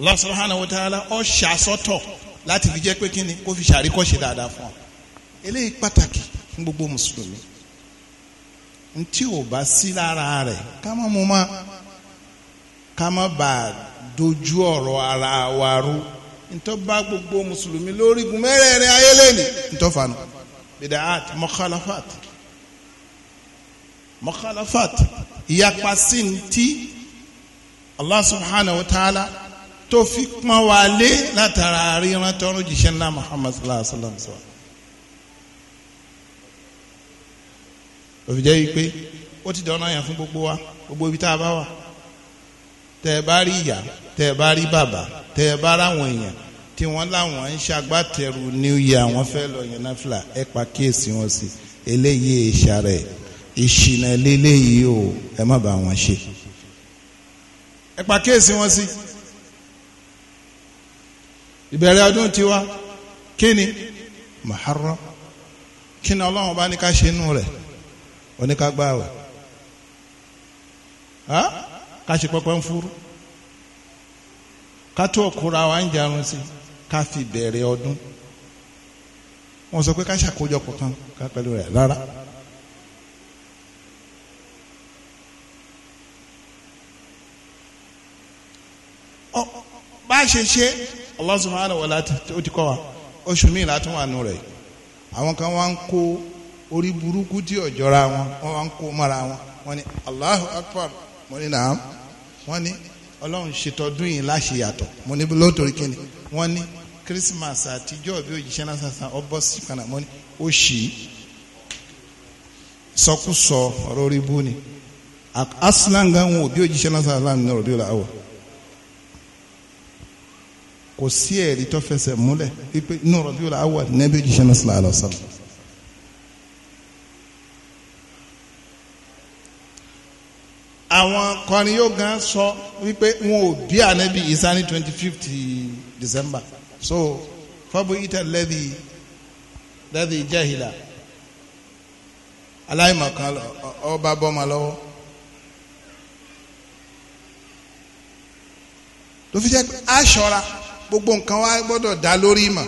Allah subhanahu wa ta'ala ọ ṣàsọtọ̀ láti fi jẹ́ pé kí ni kó fi ṣàríkọ́ṣe dáadáa fún ọ eléyìí pàtàkì fún gbogbo mùsùlùmí n tí ò bá sí lára rẹ̀ ká má mú má ká má bà á dojú ọ̀rọ̀ ara wa rú ntọ́ bá gbogbo mùsùlùmí lórígun mẹ́rẹ̀ẹ̀rin ayé lẹ́nu ntọ́ fanu bidaat mọ́kálafat mọ́kálafat ìyapa sí ti Allah subhanahu wa ta'ala tó fi pọ́n wa lé látara ríran tọrún jíṣẹ́ ńlá Muhammad sallallahu alaihi wa sallam. òfìjẹ́ yìí pé ó ti dọ̀nà yàn fún gbogbo wa gbogbo ibi tá a bá wà tẹ́ ẹ bá rí ìyá tẹ́ ẹ bá rí bàbá tẹ́ ẹ bá ráwọn èèyàn tí wọ́n láwọn ń ṣagbátẹrù new year wọ́n fẹ́ lọ yẹn náfìlà ẹ pa kíyèsí wọn sí eléyìí ìṣàrẹ̀ ìṣìnà eléyìí o ẹ má bá wọn ṣe ẹ pa kíyèsí wọn sí. Si ìbẹ̀rẹ̀ ọdún tiwa kí ni Muharram kí ni ọlọ́run bá ní ká ṣe inú rẹ̀ oníkágbáwẹ̀ ká ṣe pẹ́pẹ́ ń fúrú ká tó ọkùnra wa ń jarun sí ká fi bẹ̀rẹ̀ ọdún wọ́n sọ pé ká ṣàkójọpọ̀ kan ká pẹ̀lú rẹ̀ rárá. bá a ṣe ṣe Allah subhanahu wa ta'ala ti kọ́ wa oṣù míì látún wà nù rẹ̀ àwọn kan wá ń kó orí burúkú tí ọ̀jọ́ra wọn wọ́n wá ń kó mọ́ra wọn wọ́n ní Allahu akbar mo ní nàám wọ́n ní ọlọ́run ṣètọ́dún yìí láṣẹ yàtọ̀ mo ní lóòótọ́rí kí ni wọ́n ní kírísímàsì àtijọ́ bí òjíṣẹ́ náà sàṣà ọbọ̀ sí kanáà mo ní ó ṣì sọkúsọ ọ̀rọ̀ orí bú ni aslan gan bí òjíṣẹ́ náà sàṣà ní ọ̀rọ̀ bí ó là kò sí ẹ̀rí tó fẹsẹ̀ múlẹ̀ wípé inú Rabiul Awwal nẹ́bí òjíṣẹ́ náà sallallahu alaihi wasallam. àwọn kọrin yóò gan sọ wípé wọn ò bí ànẹ́bí Ìsá ní twenty fifth December so fọ́bù ìtẹ̀ lẹ́bi lẹ́bi jahila aláìmọ̀kan ọba bọ́mọ lọ́wọ́. tó fi jẹ́ pé a ṣọ́ra gbogbo nǹkan wa gbọ́dọ̀ dá lórí ìmọ̀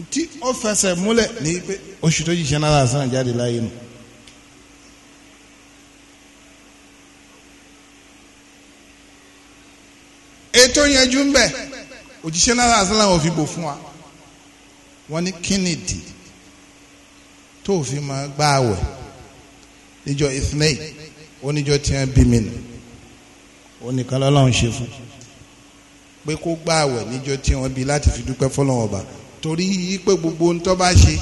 ntí ó fẹsẹ̀ múlẹ̀ ní pé oṣù tó yíṣẹ́ náírà sàn jáde láyé nù. ètò yẹn ń bẹ̀ òjíṣẹ́ náírà sàn ò fi bò fún wa wọ́n ní kínìdì tó fi máa gbá àwẹ̀ níjọ́ ìsinẹ́yì oníjọ́ tí wọ́n bí mi nù oníkan lọ́lọ́run ṣe fún un pé kó gba àwẹ̀ níjọ́ tí wọ́n bí láti fi dúpẹ́ fọlọ́wọ́n ọba torí pé gbogbo ohun tó bá ṣe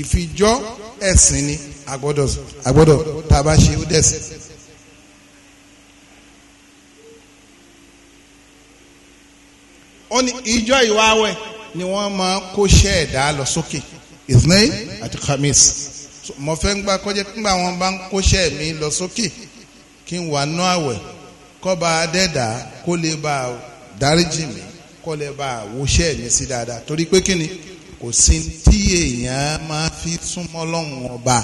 ìfijọ́ ẹ̀sìn ni agbọ́dọ̀ agbọ́dọ̀ tá a bá ṣe ó dẹ̀sìn. ó ní ìjọ ìwà àwẹ̀ ni wọ́n máa kó ṣẹ́ ẹ̀dá lọ sókè ìsìnlẹ̀ àti khamis mo fẹ́ ń gba kọjá nígbà wọn bá ń kó ṣẹ́ mi lọ sókè kí n wà nú àwẹ̀ kọ́ba adẹ́dà kó lè bá a dáríjì mi kọ́lẹ̀ bá àwòṣẹ́ mi sí dáadáa torí pé kí ni kò sí tí èèyàn máa fi súnmọ́ lọ́hùn ọba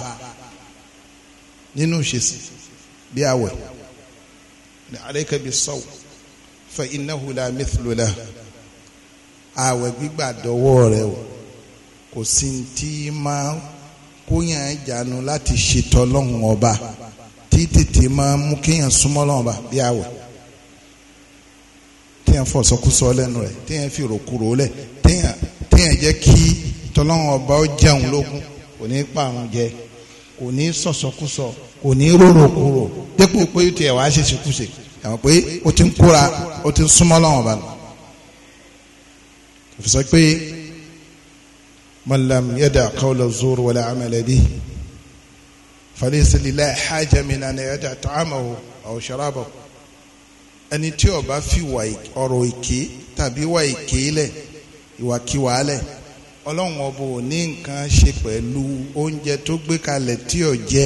nínú ìṣesí bí àwẹ̀ ní alayka bis-sawm fa innahu la mithlu lahu àwẹ̀ gbígbà dọ́wọ́ rẹ̀ o kò sí tí máa kóyàn jánu láti ṣètọ́ lọ́hùn ọba tí máa mú kéèyàn súnmọ́ lọ́hùn ọba bí àwẹ̀ téèyàn fọ sọkúsọ lẹ́nu rẹ̀ téèyàn fi ròkúrò lẹ̀ téèyàn téèyàn jẹ́ kí tọ́lọ́wọ́n ọba ó jẹun lógún kò ní pààrùn jẹ kò ní sọ̀sọ̀kúsọ kò ní rórokúrò dépò pé ó ti ẹ̀ wá ṣe ṣekúṣe àwọn pé ó ti ń kóra ó ti ń súnmọ́ lọ́wọ́n ọba lọ. òfìsọ pé man lam yada qawla zur wala amala bihi falaysa lillahi haja min an yada ta'amahu aw ẹni tí ó bá fi ọ̀rọ̀ èké tàbí wà èké lẹ̀ ìwàkiwà lẹ̀ ọlọ́run ọba ò ní nǹkan ṣe pẹ̀lú oúnjẹ tó gbé kalẹ̀ tí ò jẹ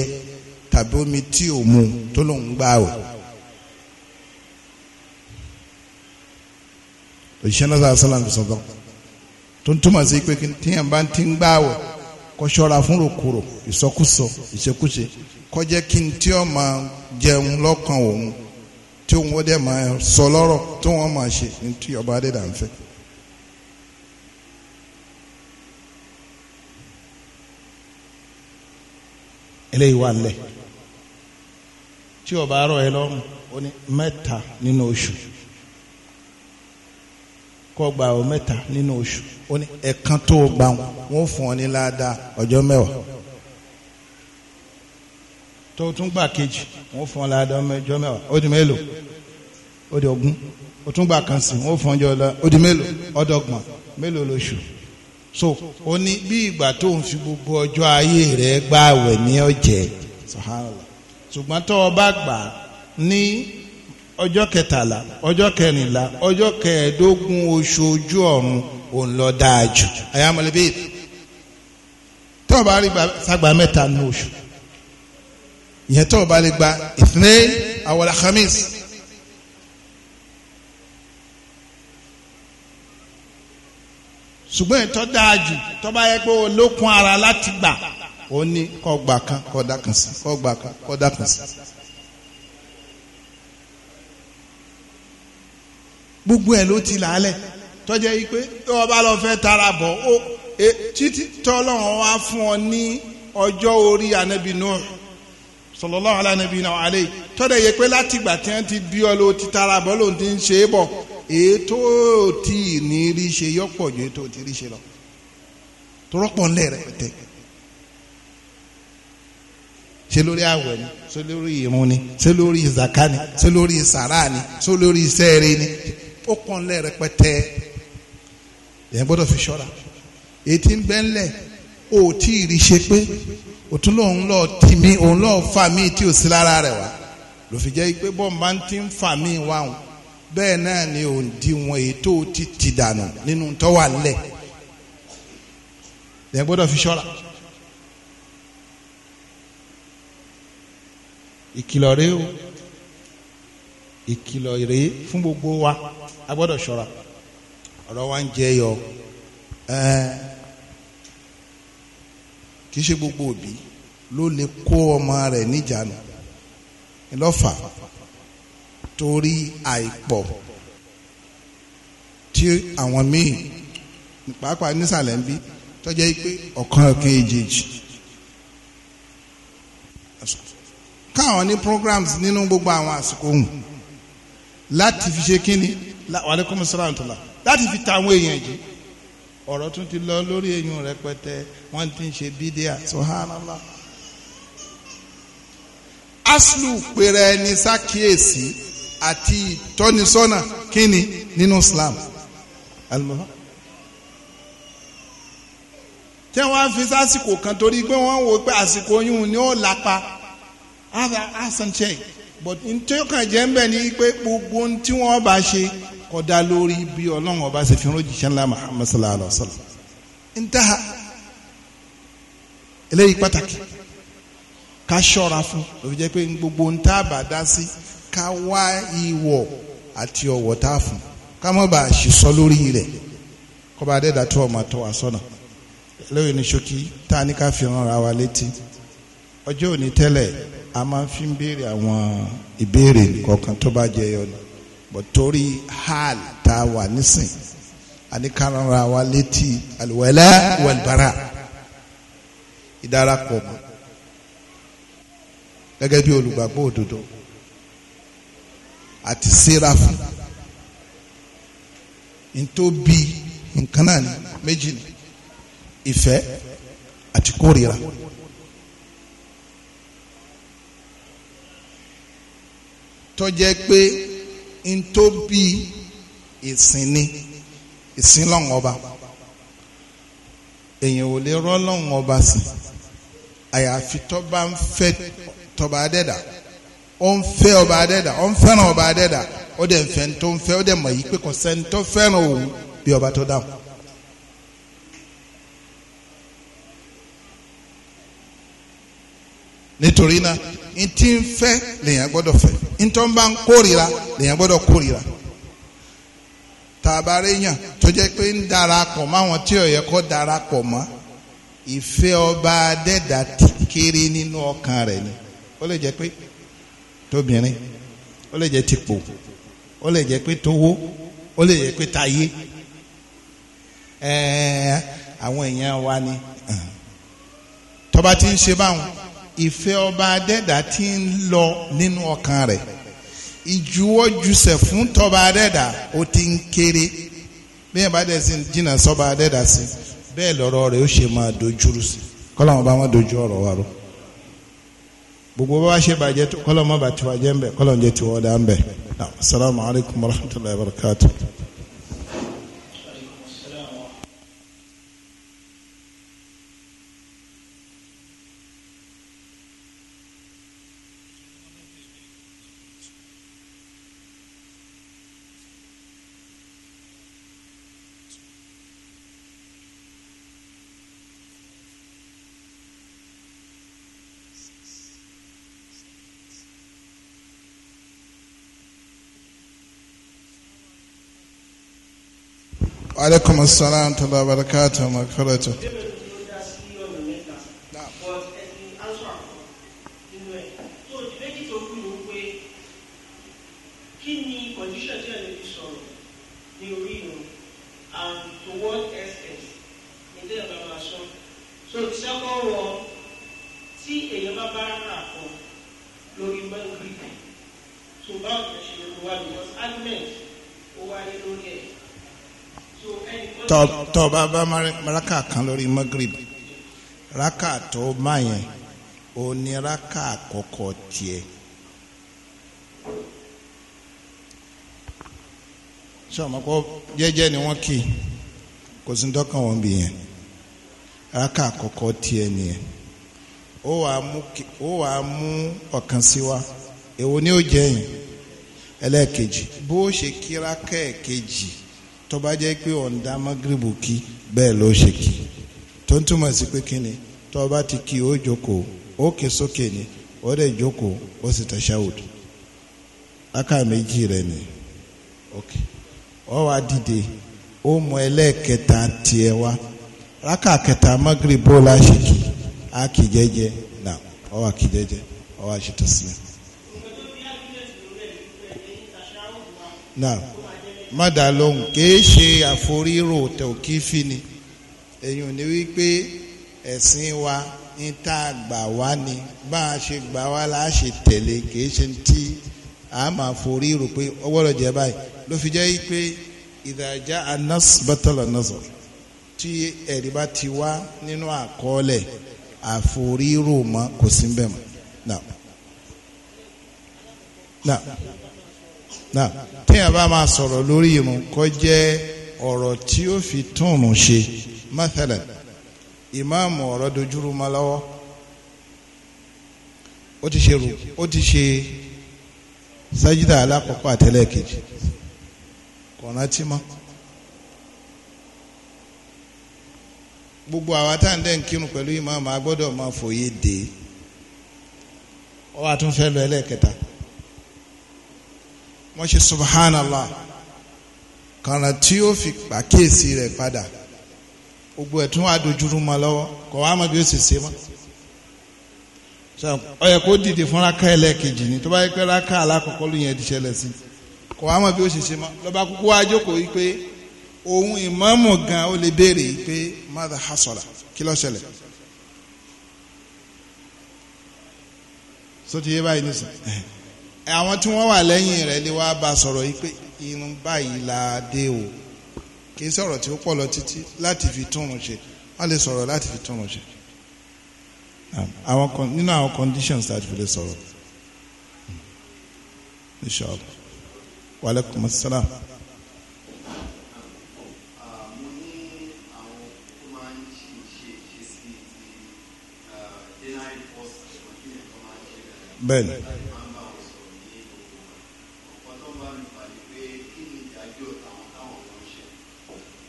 tàbí omi tí ò mu tó lòún gbà o. òṣìṣẹ́ náà sáà sọ́lá nìkan tó ń túmọ̀ sí pé tíyẹn bá ti ń gbà wọ̀ kó fún rokoro ìsọkúsọ ìṣekúṣe kó kí n tí ó máa jẹun lọ́kàn òun tí wọ́n dẹ̀ máa sọ lọ́rọ̀ tí wọ́n máa ṣe ní tí ọba adẹ́dà ń fẹ́. eléyìí wà lẹ̀ tí ọba arọ ẹ lọ́rùn ó ní mẹ́ta nínú oṣù kọ́ gba ọ mẹ́ta nínú oṣù ó ní ẹ̀kan tó gbà wọ́n fún ọ ní ládàá ọjọ́ mẹ́wàá tó tún gbà kejì wọ́n fún ọ ládàá ọjọ́ mẹ́wàá ó di mélòó ó di ogún ó tún gbà kan sí wọ́n fún ọjọ́ ọlá ó di mélòó ọdọgbọ̀n mélòó lóṣù so ó ní bí ìgbà tó ń fi gbogbo ọjọ́ ayé rẹ̀ gbààwẹ̀ ní ọ̀jẹ̀ sàhánàlá ṣùgbọ́n tó o bá gbà ní ọjọ́ kẹtàlá ọjọ́ kẹrìnlá ọjọ́ kẹẹ̀ẹ́dógún oṣù ojú ọ̀run òun lọ dáa jù àyàmọ̀lẹ́bí tó o bá rí sàgbà ní oṣù ìyẹn tó o bá lè gba ìfúnẹ́ àwọlá khamis. ṣùgbọ́n ìtọ́ dáa jù tó bá yẹ pé o lókun ara láti gbà ó ní kọ́ gbà kan kọ́ dá kan sí kọ́ gbà kan kọ́ dá kan sí. gbogbo ẹ̀ ló ti làálẹ̀ tọ́jẹ́ yìí pé tó o bá lọ fẹ́ tara bọ̀ ó e, títí tọ́lọ́run wá fún ọ ní ọjọ́ orí anabi Nuh sallallahu ala nabiyina wa alayhi tọ́dẹ̀ yẹ pé láti ìgbà tí wọ́n ti bí ọ ló ti tara bọ́ ló ti ń ṣe é bọ̀ ètò tí ní rí ṣe yọ̀pọ̀ ju ètò tí rí ṣe lọ tó rọ́pọ̀ ńlẹ̀ rẹ̀ tẹ̀ ṣe lórí àwẹ̀ ni ṣe lórí ìrun ni ṣe lórí ìzàká ni ṣe lórí sàrà ni ṣe lórí iṣẹ́ ni ó pọ̀ ńlẹ̀ rẹpẹtẹ yẹn gbọ́dọ̀ fi ṣọ́ra ètí ń bẹ́ńlẹ̀ ò tí ì rí ṣe pé òtún lòun lọ tì mí òun lọ fà mí tí ò sí lára rẹ̀ wá ló fi jẹ́ pé bọ́ọ̀ máa ń ti ń fà mí wá wọn bẹ́ẹ̀ náà ni òun di wọn ètò ti ti dànù nínú tó wà lẹ̀ lẹ́yìn gbọ́dọ̀ fi ṣọ́ra. ìkìlọ̀ rèé o ìkìlọ̀ rèé fún gbogbo wa a gbọ́dọ̀ ṣọ́ra ọ̀rọ̀ wa ń jẹyọ kì í ṣe gbogbo òbí ló lè kó ọmọ rẹ̀ níjànú ńlọ́fà torí àìpọ̀ tí àwọn míì pàápàá nísàlẹ̀ ń bí tọ́jẹ́ pé ọ̀kan ọ̀kan èjèèjì káwọn ní programs nínú gbogbo àwọn àsìkò ohun láti fi ṣe kíni wàlẹ́kùnmí sọ́ra ọ̀tọ̀lá láti fi ta àwọn èèyàn jẹ́ ọ̀rọ̀ tún ti lọ lórí eyín rẹpẹtẹ wọ́n ti ń ṣe bídíà subhanallah. aslu pèrè ẹni sákìyèsí àti ìtọ́nisọ́nà nínú Islam. tí wọ́n á fi kan torí pé wọ́n wò pé àsìkò oyún ni ó lápa asan check but gbogbo ohun kódà lórí bí ọlọ́run ọba ṣe fi hàn òjíṣẹ́ ńlá Muhammad sallallahu alayhi wa sallam ntaha eléyìí pàtàkì ká ṣọ́ra fún òfin jẹ́ pé gbogbo ntá bá dá sí ká wá ìwọ̀ àti ọ̀wọ̀ tá a fún ká má bàa ṣì sọ lórí rẹ̀ kọba adẹ́dà tó ọmọ tó wà sọ́nà lóyún ní ṣókí tá a ní ká fi ránra wa létí ọjọ́ òní tẹ́lẹ̀ a máa fi ń béèrè àwọn ìbéèrè kọ̀ọ̀kan tó bá jẹyọ ni bọ̀tórí hàl tá a wà nísìn àníkàrànra wa létí àlùwẹ̀lẹ́ wẹ̀lbára ìdárapọ̀ mọ́ gẹ́gẹ́ bí olùgbàgbọ́ òdodo àti sẹ́ráfù ntóbi nǹkan náà ni méjì ni ìfẹ́ àti kórìíra. tó pé ntó bí ìsìn ni ìsìn lọ́wọ́n ọba èèyàn ò lè rọ́ lọ́wọ́n ọba sìn àyàfi tọ́ba ń fẹ́ tọba adẹ́dà ó ń fẹ́ ọba adẹ́dà ó ń fẹ́ràn ọba adẹ́dà ó dẹ̀ ń fẹ́ ń tó ń fẹ́ ó dẹ̀ mọ̀ yí pé kò sẹ́ni tó fẹ́ràn òun bí ọba tó dáhùn. nítorí náà n tí ń fẹ́ lèyàn gbọ́dọ̀ fẹ́ n tó ń bá ń kórìíra lèyàn gbọ́dọ̀ kórìíra tàbárẹ́yàn tó jẹ́ pé ń darapọ̀ máwọn tí ó yẹ kó darapọ̀ mọ́ ìfẹ́ ọba adẹ́dà kéré nínú ọkàn rẹ̀ ni ó lè jẹ́ pé tóbìnrin ó lè jẹ́ tipò ó lè jẹ́ pé tówó ó lè jẹ́ pé tayé ẹ̀ẹ́ àwọn èèyàn wa ni tọ́ba ti ń ṣe báwọn ìfẹ́ ọba adẹ́dà ti ń lọ nínú ọkàn rẹ̀ ìjuwọ́jusẹ̀ fún tọba adẹ́dà ó ti ń kéré bẹ́ẹ̀ bá dẹ̀ sí jìnnà sọba adẹ́dà sí bẹ́ẹ̀ lọ́rọ̀ rẹ̀ ó ṣe máa dojúrú sí kọ́lá wọn bá wọn dojú ọ̀rọ̀ wa rọ gbogbo bá ṣe bàjẹ́ tó kọ́lá wọn bá tiwa jẹ́ ń bẹ̀ kọ́lá wọn jẹ́ tiwọ́ ń bẹ̀. salaamaleykum wa rahmatulahi wa barakatuh. aleykum salaam tó bá barakatu makaratu. bá bá raka kan lórí magrib raka tó má yẹn ó ní raka àkọ́kọ́ tiẹ̀. sọmọkọ jẹ́jẹ́ ni wọ́n kì í kò sí dọ́kàn wọn bì yẹn raka àkọ́kọ́ tiẹ̀ nìyẹn ó wàá mú ọ̀kan sí wa èwo ni ó jẹ́ yẹn ẹlẹ́ẹ̀kejì bó ṣe kíra kẹ́ẹ̀kejì. E tó bá jẹ́ pé ọ̀ǹda magrebu kí bẹ́ẹ̀ ló ṣe kí tó ń túmọ̀ sí pé kí ni tó bá ti kí ó jókòó ó ké sókè ni ó dẹ̀ jókòó ó sì aka méjì rẹ̀ ni okay wá dìde ó mọ ẹlẹ́ẹ̀kẹta tiẹ̀ wá kẹta magrebu kí kì jẹ́jẹ́ náà wá kì mọ́dà lóhùn kìí ṣe àforírò tòkí fini èyàn ní wípé ẹ̀sìn wa ní tá a gbà wá ni bá a ṣe gbà wá la ṣe tẹ̀lé kìí ṣe ti a máa forírò pé ọwọ́rọ̀ jẹ́ báyìí ló fi jẹ́ pé ìdájà anas bàtàlà nasar tí ẹ̀rí bá ti wá nínú àkọọ́lẹ̀ àforírò mọ́ kò sí ń bẹ̀ mọ́ náà náà náà. téèyàn bá máa sọ̀rọ̀ lórí irun kó jẹ́ ọ̀rọ̀ tí ó fi túnrun ṣe mẹ́tẹ̀lẹ̀ ìmáàmù ọ̀rọ̀ dojúrú lọ́wọ́ ó ti ṣe sájídà alákọ̀ọ́kọ́ mọ́ gbogbo àwa tá ń kírun pẹ̀lú ìmáàmù a gbọ́dọ̀ máa fòye dé wọ́n ṣe subhanallah kàrà tí ó fi pàkíyèsí rẹ̀ padà gbogbo ẹ̀ tún wà dojúrú mọ́ lọ́wọ́ kò wá mọ́ bí ó sì ṣe mọ́ ó yẹ kó dìde fún raka ẹlẹ́ẹ̀kejì ni tó bá yẹ pé raka alákọ̀ọ́kọ́ ló yẹn ti ṣẹlẹ̀ sí kò wá mọ̀ bí ó ṣe ṣe mọ́ lọ́ba kúkú wá jókòó yìí pé òun ìmáàmù gan ó lè béèrè yìí pé mother hasola kí ló ṣẹlẹ̀ sóti yé báyìí nísìnyí àwọn tí wọ́n wà lẹ́yìn rẹ̀ lè wá bá sọ̀rọ̀ yìí pé irun báyìí la dé o kì í sọ̀rọ̀ tí ó pọ̀ lọ títí láti fi túnrun ṣe wọ́n lè sọ̀rọ̀ láti fi túnrun ṣe nínú àwọn conditions láti fi lè sọ̀rọ̀ inshallah waaleykum salaam. bẹ́ẹ̀ni.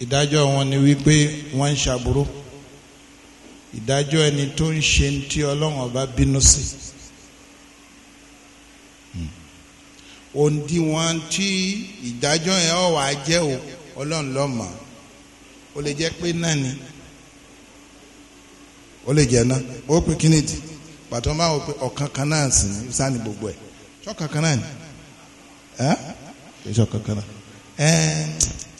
ìdájọ́ wọn ni wípé wọ́n ń ṣàbúrú ìdájọ́ ẹni tó ń ṣe tí ọlọ́run ọba bínú sí hmm. òǹdíwọ̀n tí ìdájọ́ yẹn ọ̀ wá jẹ́ o ọlọ́run lọ́mọ ó lè jẹ́ pé náà ni ó lè jẹ́ náà ó pè kí ni ti pàtó máa wò pé ọ̀kan kan náà sì ní sani gbogbo ẹ̀ ṣọ́kan kan náà ni ẹ̀ ṣọ́kan kan náà ẹ̀.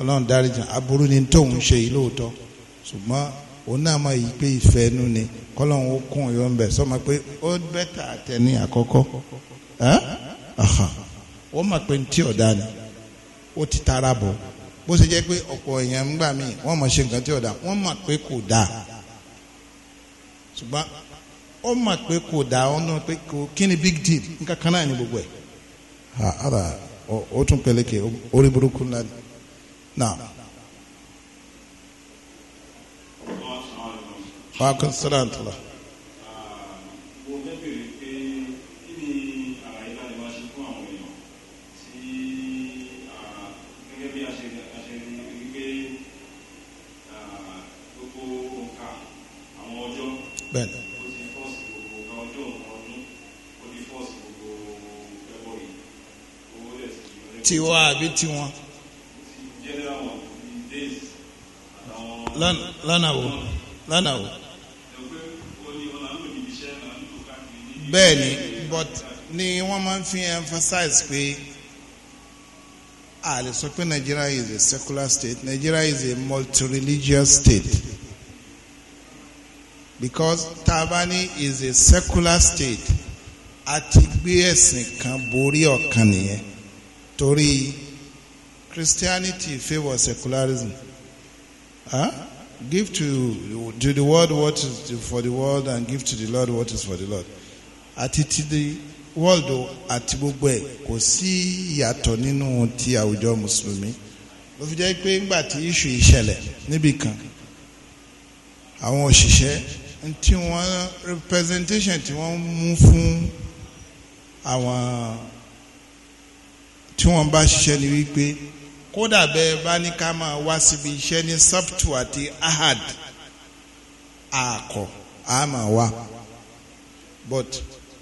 ọlọ́run dáríjì aburú ni tóun ṣe yìí lóòótọ́ ṣùgbọ́n òun náà mọ̀ yìí pé ìfẹ́ inú ni kọ́lọ́run ó kún ọ̀yọ́ ń sọ́mọ pé ó bẹ́tà àtẹni àkọ́kọ́ ó mọ̀ pé ní ọ̀dà ni ó ti tara bọ̀ bó ṣe jẹ́ pé ọ̀pọ̀ èèyàn ń gbà mí wọ́n mọ̀ ṣe nǹkan tí ọ̀dà wọ́n mọ̀ pé kò dáa ṣùgbọ́n ó mọ̀ pé kò dá ọ̀nà pé kò kí ni big deal nǹkan kan náà ni gbogbo ẹ̀. ara ó tún peléke orí burúkú náà. wàhálà sọ́dọ̀ àtúrà. bẹ́ẹ̀ni. tiwa àbí tiwọn. lánàá wo lánàá but ni wọ́n máa ń fi emphasize pé a lè sọ pé Nigeria is a secular state Nigeria is a multi-religious state because tabani is a secular state a ti gbé ẹ̀sìn kan borí ọ̀kan nìyẹn torí Christianity favour secularism. Huh? Give to, to the world what is for the world and give to the Lord what is for the Lord. Àti ti the world o àti gbogbo ẹ̀ kò sí ìyàtọ̀ nínú ti àwùjọ Mùsùlùmí. Ló fi jẹ́ pé ńgbà tí iṣu ìṣẹ̀lẹ̀ níbì kan àwọn òṣìṣẹ́ tí wọ́n representation tí wọ́n mú fún àwọn tí wọ́n bá ṣiṣẹ́ ni wípé kódà bẹ́ẹ̀ bá ní ká máa wá síbi iṣẹ́ ní sabtu àti ahad àkọ a máa wá but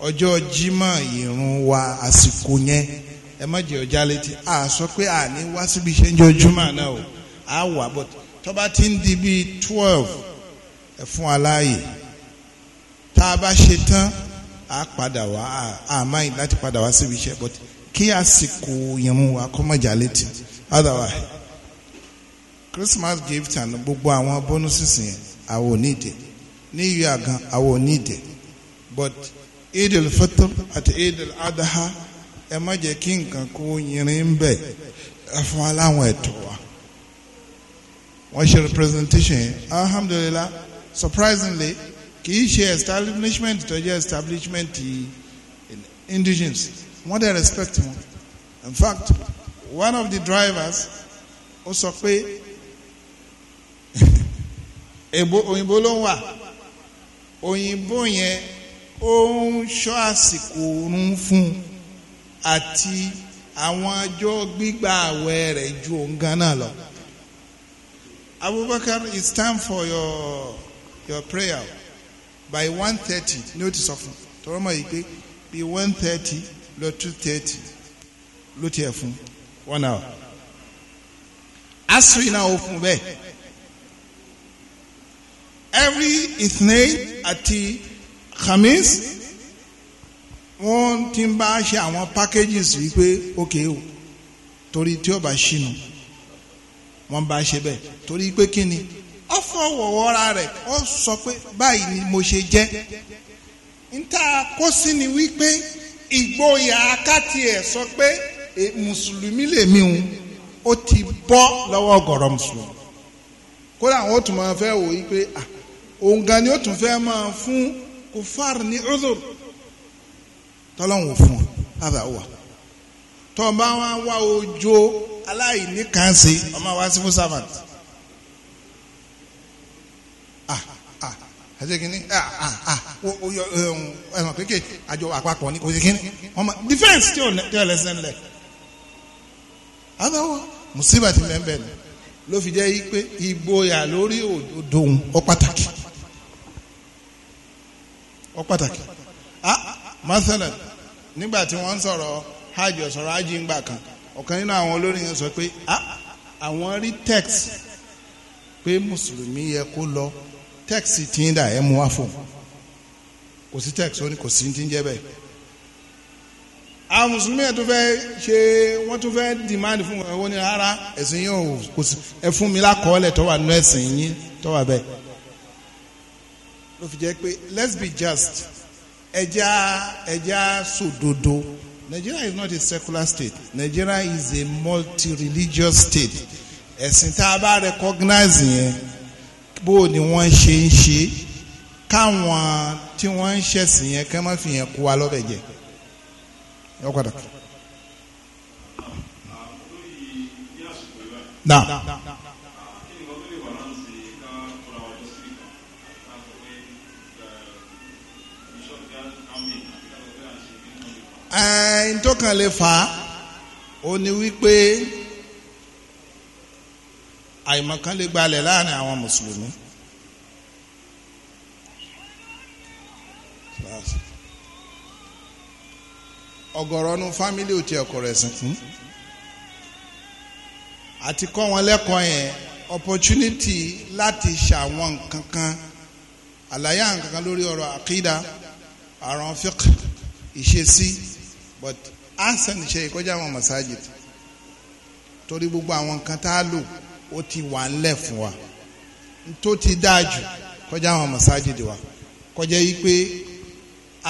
ọjọ́ jimá ìrun wa àsìkò yẹn ẹ má jẹ́ ọjà létí a sọ pé a ní wá síbi iṣẹ́ ní ojúmọ́ náà o a wà but tọ́ba ti ń di bíi twelve ẹ fún aláàyè tá a bá ṣe tán a padà wá a máa láti padà wá síbi iṣẹ́ but kí àsìkò ìrun wa kọ́ mọ̀jà létí otherwise Christmas gift and gbogbo àwọn bonuses yẹn àwọn ò ní ìdè ní ìyá àgàn àwọn ò ní but Eid al-Fitr àti Eid al-Adha ẹ má jẹ́ kí nǹkan kó yìnrìn bẹ̀ ẹ fún wa láwọn ẹ̀tọ́ wa wọ́n ṣe representation alhamdulilah surprisingly kì í ṣe establishment tó jẹ́ establishment indigenous. wọ́n dẹ̀ respect wọn in fact one of the drivers ó sọ pé èbó òyìnbó ló ń wà òyìnbó yẹn ó ń ṣọ́ àsìkò oorun fún un àti àwọn ọjọ́ gbígba àwẹ̀ rẹ̀ ju òun gan lọ. Abubakar it's time for your your prayer by one thirty ní o ti sọ fún tọrọ mọ yìí pé bí one thirty lọ two thirty ló tiẹ̀ fún one hour asiri náà ó fún every ithnain ati khamis wọ́n ti ń ṣe àwọn packages wípé ok o torí tí ó bá ṣìnà wọ́n bá ṣe bẹ́ẹ̀ torí pé kí ni ó fọwọ́wọ́ra rẹ̀ ó sọ pé báyìí ni mo ṣe jẹ́ níta kó sí ni wípé ìgboyà akátì ẹ̀ sọ pé E, mùsùlùmí lèmi ń ó ti bọ́ lọ́wọ́ ọ̀gọ̀rọ̀ mùsùlùmí kódà àwọn ó tún máa fẹ́ wò yí pé òun gan ni ó tún fẹ́ máa fún kufar ní udhur tọ́lọ́hún ò fún ọ àbá wà tọ́ ọ bá wá wá ojó aláìní kan sí ọmọ wa sí servant àti kìíní ẹ mọ̀ kéèké àjọ àpapọ̀ ní kò sí kìíní ọmọ defence tí ò lẹ́sẹ̀ ńlẹ̀. adáwọ̀ mùsíbà ti mẹ́ńbẹ́ ni ló fi jẹ́ pé ya lórí òdòdó ọ pàtàkì ọ pàtàkì ah masalan nígbà tí wọ́n ń hajj hajj kan ọ̀kan nínú àwọn olórin yẹn sọ pé ah àwọn rí text pé mùsùlùmí yẹ kó lọ text tí ń dà ẹ́ mú wá fún kò sí text ó ní kò sí ti ń jẹ́ àwọn mùsùlùmí ẹ̀ tó fẹ́ ṣe wọ́n tó fẹ́ demand fún wọn ẹ̀wọ́n ní rárá ẹ̀sìn yín ò kò sí ẹ fún mi lákọọ́lẹ̀ tó wà nínú ẹ̀sìn yín tó wà bẹ́ẹ̀. ló fi jẹ́ pé let's be just ẹja ẹja sòdodo Nigeria is not a secular state Nigeria is a multi-religious state ẹ̀sìn tá a bá recognize yẹn bó ni wọ́n ṣe ń ṣe káwọn tí wọ́n ń ṣẹ̀sìn yẹn kẹ́ má fi yẹn kó wa lọ́bẹ̀ jẹ́ yọ padà. na. ẹ̀ẹ́n eh, tó kàn lè fà á ó ní wípé àìmọ̀kan lè gbalẹ̀ láàrin àwọn mùsùlùmí. Gracias ọ̀gọ̀rọ̀ nu fámílì ò ti ọkọ rẹ̀ sìn fún hmm? àti kọ́ wọn lẹ́kọ̀ọ́ yẹn opportunity láti ṣàwọn nǹkan kan àlàyé àwọn kankan lórí ọ̀rọ̀ àkídà àrùn fiqh ìṣesí but ansan ṣe ìkọjá àwọn masajid torí gbogbo àwọn nǹkan tá a lò ó ti wà ńlẹ̀ fún wa tó ti dáa jù kọjá àwọn masajid wa kọjá yìí pé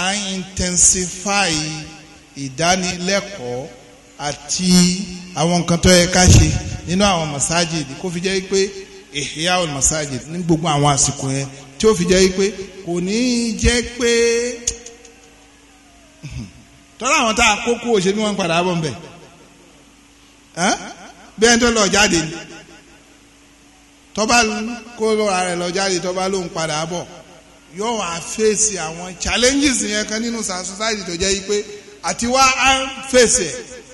a intensify ìdánilẹ́kọ̀ọ́ àti àwọn nǹkan tó yẹ ká ṣe nínú àwọn masajid kó fi jẹ́ pé ìhìyà ol masajid ní gbogbo àwọn àsìkò yẹn tí ó fi jẹ́ pé kò ní jẹ́ pé tọ́lá àwọn tá a kókó òṣèlú wọn padà bọ̀ nbẹ̀ bí ẹni tó lọ jáde ni tọ́ba kó lọ́ra rẹ̀ lọ jáde tọ́ba ló ń padà bọ̀ yóò wá fèsì àwọn challenges yẹn kan nínú society tó jẹ́ pé àti wá à ń fèsì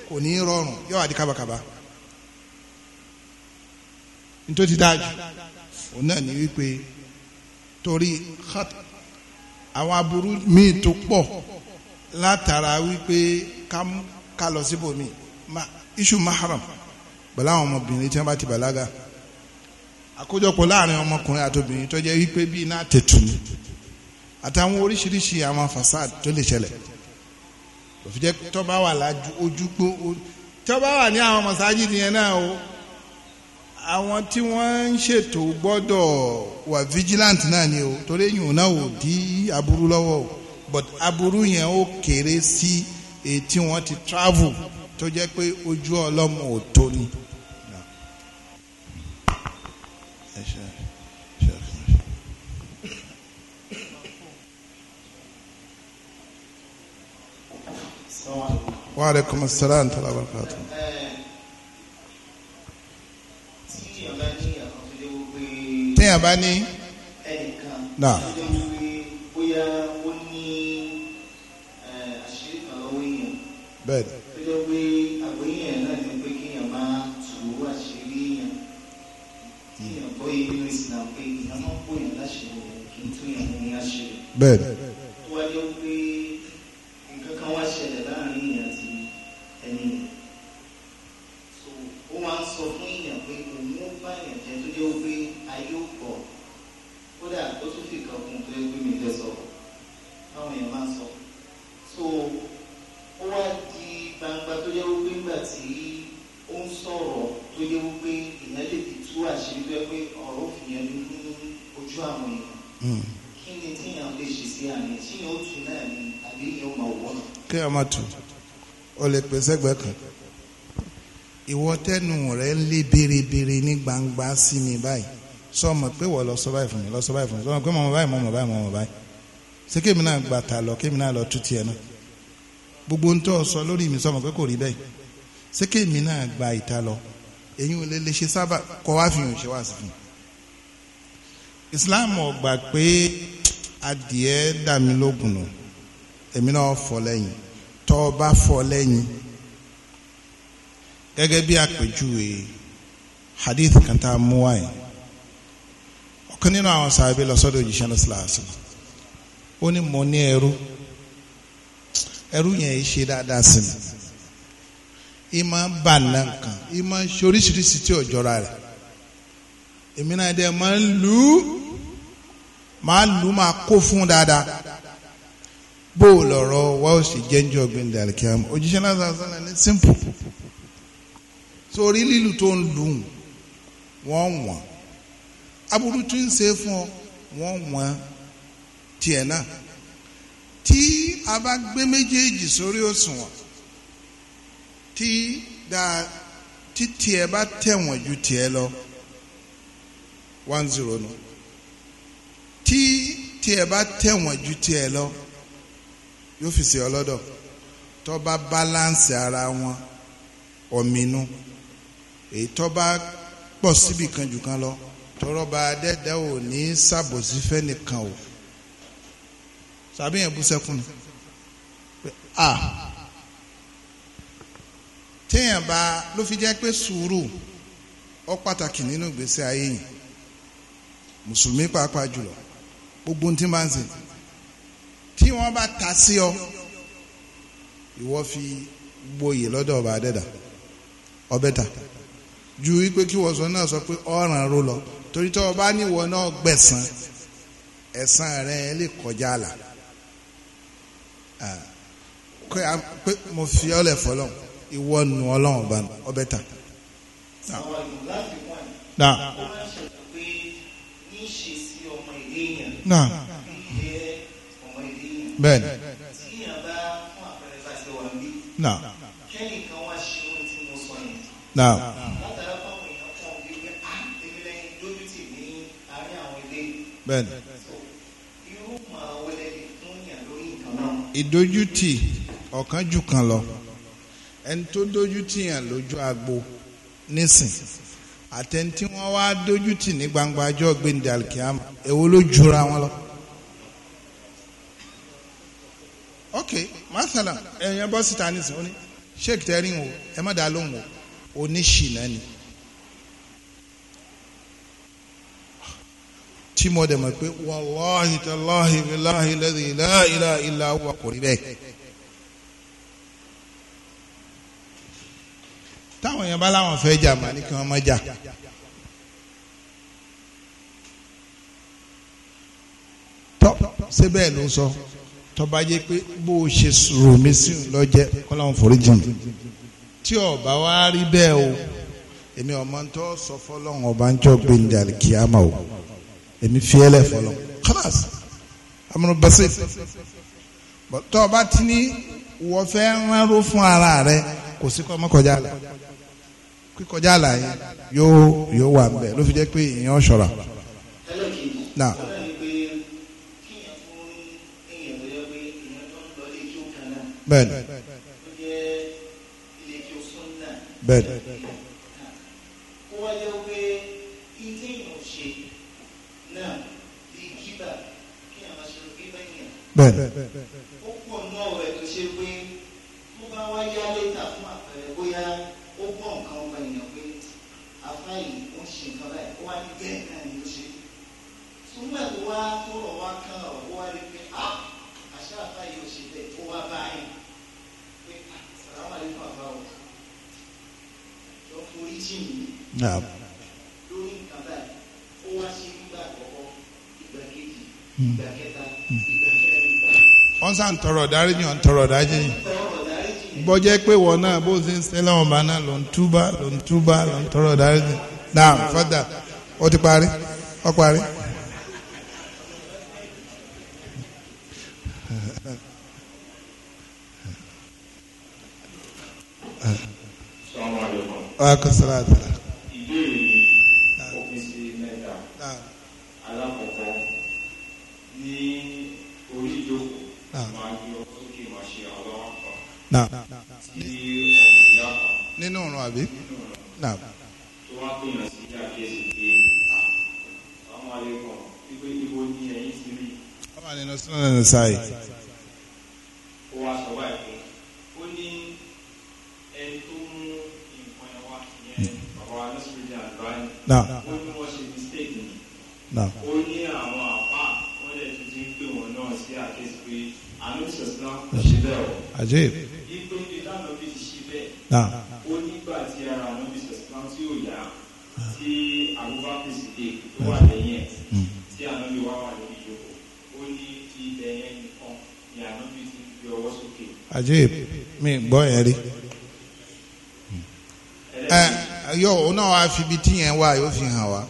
kò ní rọrùn yóò wá di kábàkábà nítorí dájú òun náà ní wípé torí àwọn aburú míì tó pọ̀ látara wípé ká lọ síbòmí iṣu mahram pẹ̀lú àwọn ọmọbìnrin tí wọ́n bá ti bàlágà àkójọpọ̀ láàrin ọmọkùnrin àtobìnrin tó jẹ́ wípé bíi náà tètù ni àtàwọn oríṣiríṣi àwọn fasad tó lè ṣẹlẹ̀ òfin jẹ́ tọ́ba wà lájú ojúgbó tọ́ba wà ní àwọn mọ̀sáájì nìyẹn náà o àwọn tí wọ́n ń ṣètò gbọ́dọ̀ wà vigilant náà ni o torí èyàn náà ò dí aburú lọ́wọ́ o but aburú yẹn ó kéré sí èyí tí wọ́n ti travel tó jẹ́ pé ojú ọlọ́mọ ò tó ni. wa aleykum salaam tala barakatu. téèyàn bá ní. náà. bẹ́ẹ̀ni. bẹ́ẹ̀ni. gbé sẹ́gbẹ́ kan ìwọ tẹnu rẹ ń lé bérebére ní gbangba sí mi báyìí sọmọ pé wọ́n lọ sọ báyìí fún mi lọ sọ báyìí fún mi sọmọ pé mọ̀mọ́ báyìí mọ̀mọ́ báyìí mọ̀mọ́ báyìí ṣé kémi náà gbà tà lọ kémi náà lọ tú tiẹ̀ náà gbogbo ń tọ́ sọ lórí mi sọmọ pé kò rí bẹ́ẹ̀ ṣé kémi náà gba ìta lọ èyí ò lè lè ṣe sábà kọ́ wá fi hàn ṣe wá sí fún mi. Islam ọgbà pé adìẹ dàmí lógun nù èmi náà fọ lẹ́yìn tọ́ ọ bá fọ lẹ́yìn gẹ́gẹ́ bí àpèjúwe hadith kan tá a mú wáyé ọ̀kan nínú àwọn sàbẹ̀ lọ́sọ́dọ̀ òjíṣẹ́ náà síláàsì ó ní mo ní ẹrú ẹrú yẹn yìí ṣe dáadáa sí mi ìmọ̀ bà ná nǹkan ìmọ̀ ṣe oríṣiríṣi tí ò jọra rẹ̀ èmi náà dẹ́ máa ń lù ú máa lù ú máa kó fún dáadáa bó o lọ̀rọ̀ wá ò sì jẹ́ ń jọ gbẹ̀ndẹ̀ àlùkìyàmù òjíṣẹ́ náà sọ̀rọ̀ ní simple torí lílù tó ń lù ú wọ́n wọ̀n aburú tún ń ṣe fún ọ wọ́n wọ̀n tiẹ̀ náà tí a bá gbé méjèèjì sórí òṣùwọ̀n tí dáa tí tiẹ̀ bá tẹ̀wọ̀n ju tiẹ̀ lọ one zero nù tí tiẹ̀ bá tẹ̀wọ̀n ju tiẹ̀ lọ yóò fi ṣe ọlọ́dọ̀ tó bá balance ara wọn ọ̀mìnú èyí tó bá pọ̀ síbi kan jù kan lọ tọrọ bá dẹ́dẹ́ ò ní sàbòsí fẹ́ nìkan o sàbí yẹn bú sẹ́kùn ni a téèyàn bá ló fi jẹ́ pé sùúrù ó pàtàkì nínú ìgbésí ayé yìí mùsùlùmí pàápàá jùlọ gbogbo tí máa ń ṣe tí wọ́n bá ta sí ọ ìwọ fi gboyè lọ́dọ̀ ọba adẹ́dà ọbẹ̀ ta ju wípé kí wọ́n sọ náà sọ pé ọ̀ràn ro lọ torí tọ́ ọ bá níwọ̀ náà gbẹ̀sán ẹ̀san rẹ̀ lè kọjá àlà ah. pé mo fi ọlẹ̀ fọlọ́n ìwọ nu ọlọ́run bá nu ọbẹ̀ tà. Ah. bẹ́ẹ̀ni. Now. Now. bẹ́ẹ̀ni. irú màá wọlé fún yàn lórí ìtàn náà. ìdójútì ọ̀kan jù kan lọ ẹni tó dójútì yàn lójú agbo nísìn àtẹni tí wọ́n wá dójútì ní gbangba ajọ́ gbẹ̀ndẹ̀ alikiyama èwo ló jura wọn lọ. ok masala ẹ̀yàn bọ́ síta nísìn ó ní sheik tẹ́rìn o ẹ má dá lóhùn o oníṣìí náà ni. Okay. tí mo dẹ̀ mọ̀ pé wàláhi tàláhi bíláhi lẹ́dí láìlá ilá wà kò rí bẹ́ẹ̀. táwọn èèyàn bá láwọn fẹ́ jà mà ní kí wọ́n má jà. tọ́ ṣé bẹ́ẹ̀ ló sọ tọba yé pé bó o èmi fiẹ́lẹ̀ fọlọ́ khalas amúnú bẹ́sẹ̀ tọ́ ọba tí ní wọ́n fẹ́ ránró fún ara rẹ kò sí kọ́ mọ́kọjá la kíkọjá la yẹn yóò yóò wà nbẹ ló fi pé èèyàn ṣọ́ra. na. bẹ́ẹ̀ni. bẹ́ẹ̀ni. bẹ́ẹ̀ni. ó pọ̀ mọ́ ọ̀rẹ́ tó ṣe pé tó bá wá yá létà fún àpẹẹrẹ bóyá ó pọ̀ nǹkan ọmọ ènìyàn pé afá yìí ó ṣe nǹkan báyìí ó wá ní bẹ́ẹ̀ náà ni ó ṣe. túmọ̀ tó wá tó rọ̀ wá kan ọ̀rọ̀ ó wá rí pé á àṣà afá yìí ó ṣe bẹ́ẹ̀ ó wá bá yẹn pé sàlámà lè fún àbá o lọ forí jì mí lórí nǹkan báyìí ó wá ṣe nígbà àkọ́kọ́ ìgbà kejì hmm. ìgbà kẹta hmm. ìgbà wọ́n sàn tọrọ dáríjì wọ́n tọrọ dáríjì bọ́jẹ́ pé wọ́n náà bó ṣe ń sẹ́lẹ̀ wọn bá náà ló ń túbà ló ń túbà na. nínú ọ̀run àbí. na. tó wá pè yàn sí àkíyèsí pé àwọn àlekọ wípé ibo ni ẹ̀yin ti rí. ọmọ àlejò sínú ẹni sáyé. ó wá sọ báyìí pé ó ní ẹni tó mú nǹkan ẹ̀ wá ìyẹn bàbá wa lọ́sọ̀rọ̀ ìjà àgbáyé. na. ó ní wọ́n ṣe mistake ni. na. ó ní ìyá tí Abubakar Sìdè tó wà mm. lẹ́yìn ẹ̀ mm. tí ànábi wà wà lórí ìjókòó ó ní ti bẹ̀yẹn nìkan ni ànábi ti fi ọwọ́ sókè. àjẹ́ mi gbọ́ yẹn rí ẹ yọ òun náà wàá fi ibi tí yẹn wà yóò fi hàn wá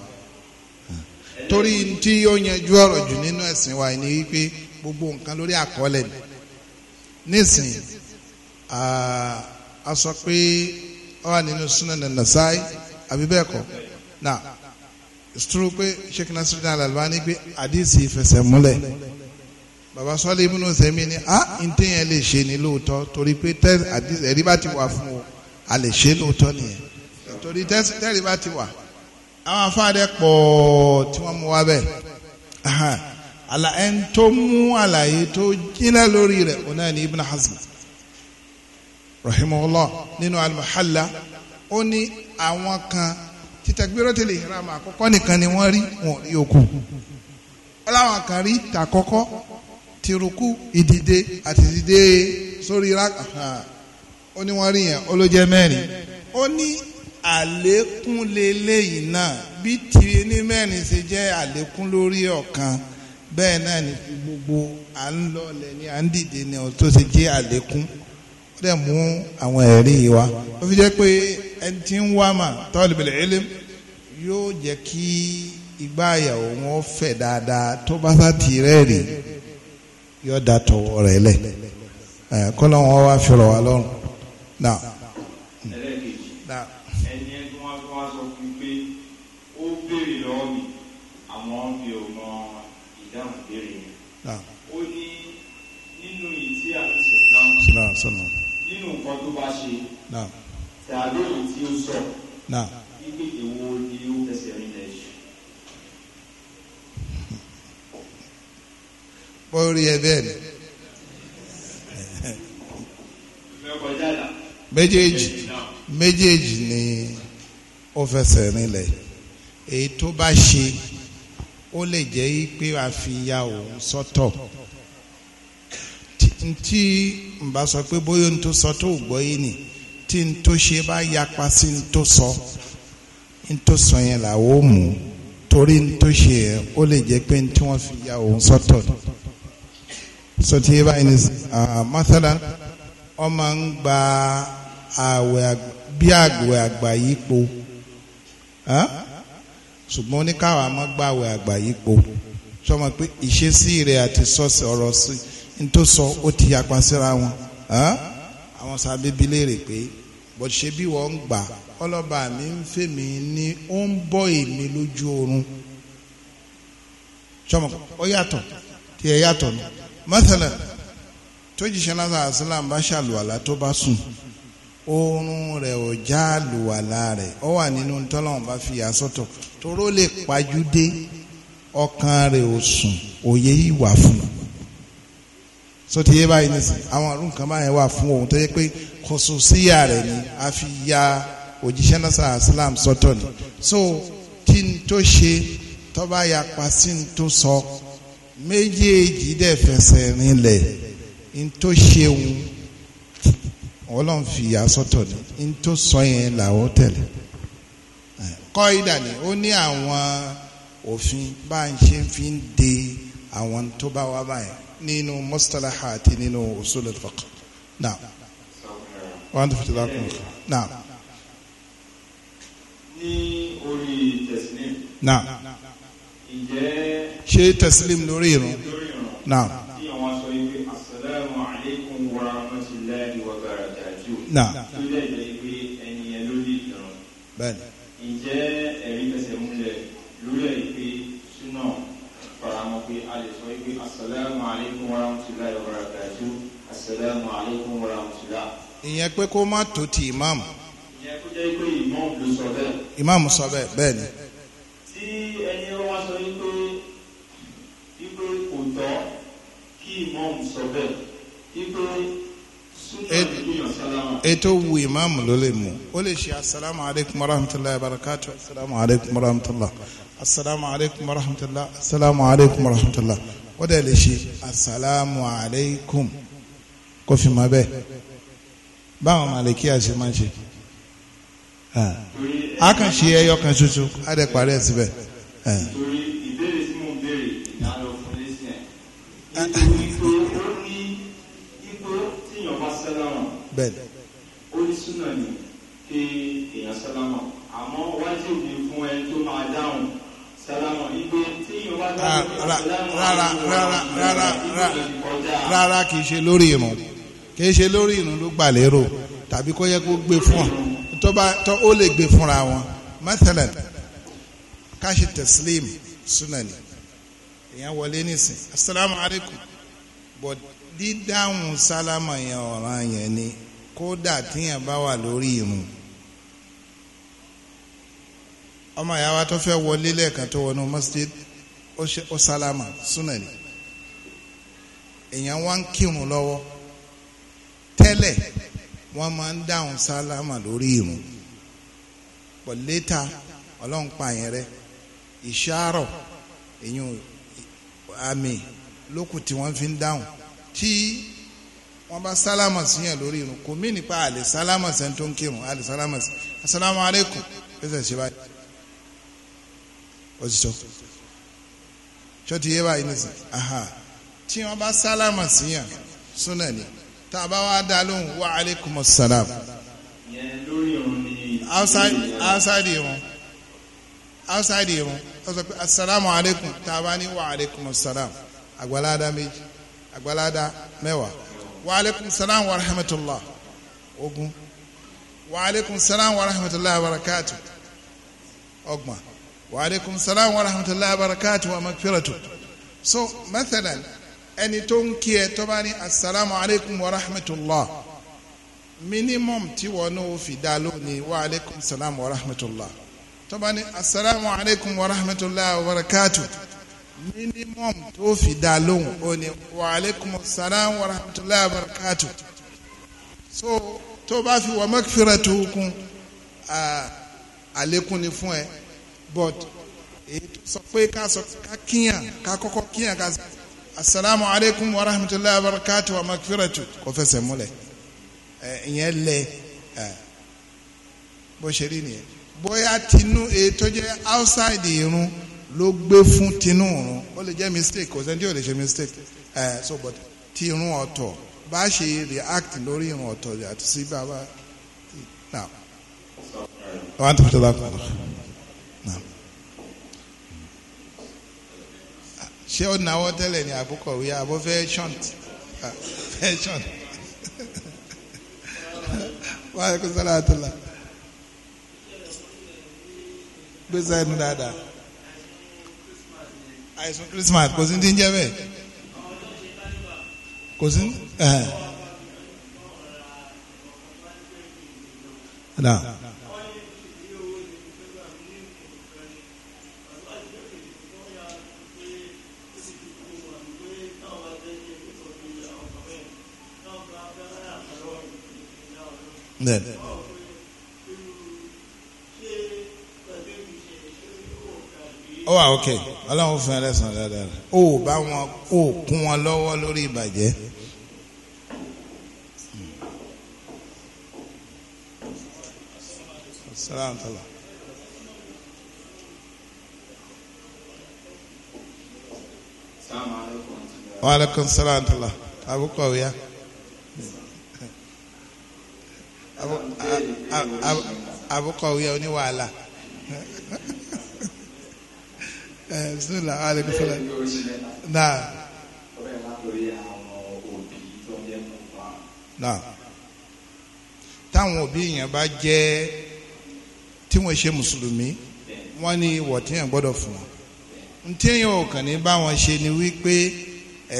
torí tí yóò yanjú ọ̀rọ̀ jù nínú ẹ̀sìn wa ni wípé gbogbo nǹkan lórí àkọọ́lẹ̀ ni nísìnyí a sọ pé ọ wà nínú sunan nasai àbí bẹ́ẹ̀ kọ́ na suturu pé sheikh nasiru al-Albani pé àdìsí fẹsẹ̀ múlẹ̀ baba sọlẹ ibùnú sẹmi ni a ah, ntẹ̀yẹ lè ṣe ni lóòótọ́ torí pé ẹ̀rí bá ti wà fún o a lè ṣe lóòótọ́ nìyẹn torí tẹ́rí bá ti wà àwọn afáàdẹ pọ̀ tí wọ́n mú wa bẹ́ẹ̀ àlà ẹn tó mú àlàyé tó jìnnà lórí rẹ̀ ọ̀nà ni ibn Hazm rahimahullah nínú al ó ní àwọn kan títẹ̀gbéròtìlè ìrànmọ́ àkọ́kọ́ nìkan ni wọ́n rí wọn ò rí òkú ọláwọn kan rí tàkọ́kọ́ tìrùkù ìdìde àti ìdìde sórí rákà ó ní wọ́n rí yẹn ó mẹ́rin ó ní àlékún lélẹ́yìn náà bí ti ní mẹ́rin ṣe jẹ́ àlékún lórí ọ̀kan bẹ́ẹ̀ náà ni gbogbo à ń lọlẹ̀ ni à ń dìde ni ọ̀tún ṣe jẹ́ àlékún ó dẹ̀ mú àwọn ẹ̀rí wa ó fi jẹ́ pé ẹni tí ń wá mà talibul ilm yóò jẹ́ kí ìgbà àyàwó wọn fẹ̀ dáadáa tó bá sá ti rẹ́ẹ̀rì yóò da tọwọ́ rẹ̀ lẹ̀ kọ́lọ́ wọn wá fi rọ̀ wá lọ́rùn náà. Nínú nǹkan tó bá ṣe tàbí èyí tí ó sọ wípé èwo ni ó fẹsẹ̀ rìn lẹ̀ jù. wọ́n rí ẹ bẹ́ẹ̀ ni. méjèèjì méjèèjì ni ó fẹsẹ̀ rìn lẹ̀ èyí tó bá ṣe ó lè jẹ́ pé a fi ya òun sọ́tọ̀ tí n bá sọ pé bóyá n tó sọ tó gbọ́ yìí nìyí tí n tó ṣe bá yapa sí n tó sọ n tó sọ yẹn là ó mú torí n tó ṣe yẹn ó lè jẹ́ pé n tí wọ́n fi ya òun sọ́tọ̀ sọtí yẹ báyìí ní mọ́sálà wọ́n máa ń gba àwẹ̀ bí àwẹ̀ àgbà yìí po ṣùgbọ́n oníkàwé àmọ́ gba àwẹ̀ àgbà yìí po sọmọ pé ìṣesí rẹ̀ àti sọ́ọ̀sì ọ̀rọ̀ sí n tó sọ ó ti yapa síra wọn. Huh? àwọn sábẹ́ bí léèrè pé bọ́dù ṣe bí wọ́n ń gbà ọlọ́ba mi ń fẹ́ mi ni ó ń bọ́ èmi lójú oorun ọ yàtọ̀ tí ẹ yàtọ̀ nù mọ́tẹ́lẹ̀ tó jíṣẹ́ náà àṣìlám bá ṣàlùwàlá tó bá sùn oorun rẹ̀ ò já àlùwàlá rẹ̀ ọ wà nínú bá fi yà lè pajú dé ọkàn rẹ̀ ò wà fún so ti yé báyìí ní sìn àwọn àrùn kan báyẹn wà fún òun tó yẹ pé kòsò síyà rẹ̀ ni a fi ya òjíṣẹ́ náà sàn islam sọ́tọ̀ ni so kí n tó ṣe tọ́ba ya pasí n tó sọ méjèèjì dẹ̀ fẹsẹ̀ rinlẹ̀ n tó ṣe òun ọlọ́run fi ya sọ́tọ̀ ni n tó sọ yẹn làwọ̀ tẹ̀lé kọ́ ìdà ni ó ní àwọn òfin bá ń ṣe fi ń de àwọn tó bá wá báyẹn. نينو مصطلحات نينو أصول الفقه نعم وعند في نعم. نعم. نعم نعم نعم نعم شيء تسليم نورير نعم السلام عليكم ورحمة الله وبركاته نعم نعم نعم نعم نعم نعم نعم نعم نعم نعم نعم نعم نعم بل pé a lè sọ wípé asalaamu alaykum wa rahmatulahi wa barakatuh asalaamu alaykum wa rahmatulah. ìyẹn pé kó má tó ti ìmáàmù. ìyẹn kó jẹ́ pé ìmáàmù ló sọ bẹ́ẹ̀. ìmáàmù sọ bẹ́ẹ̀ bẹ́ẹ̀ ni. tí ẹni wá sọ wípé wípé kò tọ́ kí ìmáàmù sọ bẹ́ẹ̀ wípé ètò wu ìmáàmù ló lè mú ó lè ṣe asalaamu alaykum wa rahmatulahi wa barakatuh asalaamu alaykum wa rahmatulahi asalaamualeykum wa rahmatulah asalaamualeykum wa rahmatulah ó dẹ̀ lè ṣe asalaamualeykum kó fi mọ́ bẹ́ẹ̀ báwọn màlìkí àṣẹ máa ń ṣe ah. a kàn ṣe ẹyọ kan ṣoṣo a dẹ̀ parí ẹ̀ síbẹ̀. Ah. torí ah. ó ní súnà ní kí èèyàn sálámà àmọ́ wájú mi fún ẹ tó máa dáhùn rárá rárá rárá rárá kì í ṣe lórí irun kì í ṣe lórí irun ló gbà lérò tàbí kó yẹ kó gbé fún ọ tó bá tó ó lè gbé fúnra wọn mathalan ká ṣe tẹsílẹ̀m sunani èèyàn wọlé nísìn asalaamu alaykum bọ̀ dídáhùn sálámà yẹn ọ̀ràn yẹn ni kódà tíyẹn bá wà lórí irun ọmọ ìyá wa tó fẹ́ wọlé lẹ́ẹ̀kan tó wọnú masjid ó sálámà súnà ni èèyàn wá ń kírun lọ́wọ́ tẹ́lẹ̀ wọ́n máa ń dáhùn sálámà lórí irun pọ̀ létà ọlọ́run pa àyẹn rẹ ìṣàrọ̀ èèyàn àmì lókù tí wọ́n fi ń dáhùn tí wọ́n bá sálámà sí yàn lórí irun kò mí nípa àlè sálámà sẹ́ni ń kírun àlè sálámà sí asalaamualeykum ẹsẹ̀ ṣe báyìí òtítọ́ ṣọtí yé báyìí nìsín aha tí wọn bá sálámà síyàn súnà ni tá a bá wá dá lóhùn wa aleykum salam outside outside irun outside irun ó sọ pé asalaamu aleykum tá a bá ní wa aleykum salam àgbàládá méjì àgbàládá mẹ́wàá wa aleykum salam wa rahmatulah ogun wa aleykum salam wa rahmatulah wa barakatu ọgbọ̀n wa aleykum salaam wa rahmatulahi wa barakatu wa makfiratu so mathalan ẹni tó ń kí ẹ tó bá ní asalaamu aleykum wa rahmatulah minimum tí wọn náà fi dá lónìí wa aleykum salaam wa rahmatulah tó bá ní asalaamu aleykum wa rahmatulah wa barakatu minimum tó fi dá lóhùn ó ní wa aleykum salaam wa rahmatulah wa barakatu so tó bá fi wa makfiratu kún àlékún ni fún ẹ but èyí tó sọ pé ká sọ ká kíyàn ká kọ́kọ́ kíyàn ká sọ asalaamu aleykum wa rahmatulahi wa barakatu wa makfiratu kò fẹsẹ̀ múlẹ̀ ìyẹn lẹ bó ṣe rí nìyẹn bóyá tinú ètò jẹ́ outside irun ló gbé fún tinú irun ó lè jẹ́ mistake kò sẹ́ni tí lè ṣe mistake so but ti irun ọ̀tọ̀ bá ṣe react lórí irun ọ̀tọ̀ àti sí bàbá náà. ṣé ó náwó tẹ́lẹ̀ ní àbúkọ̀wé àbó fẹ́ ṣọ́ǹt fẹ́ ṣọ́ǹt wàá kó sọ́lá àtúlà gbèsè ẹnu dáadáa àìsùn Christmas kò sí ní jẹ́ bẹ́ẹ̀ kò sí ní. bẹ́ẹ̀ ni. ó wà ókè ọlọ́run fún ẹ lẹ́sàn-án dáadáa ó bá wọn ó kún wọn lọ́wọ́ lórí ìbàjẹ́. sàlámtàlá. wa alaikum sàlámtàlá abúkọ̀ abukọ̀wé oníwàhálà eh, bisimilá aleykum salaam naa naa táwọn òbí yẹn bá jẹ́ tí wọ́n ṣe mùsùlùmí wọ́n ní ìwọ̀ tí yẹn gbọ́dọ̀ fún wọn ntí yẹn ò kàn ní bá wọn ṣe ni wípé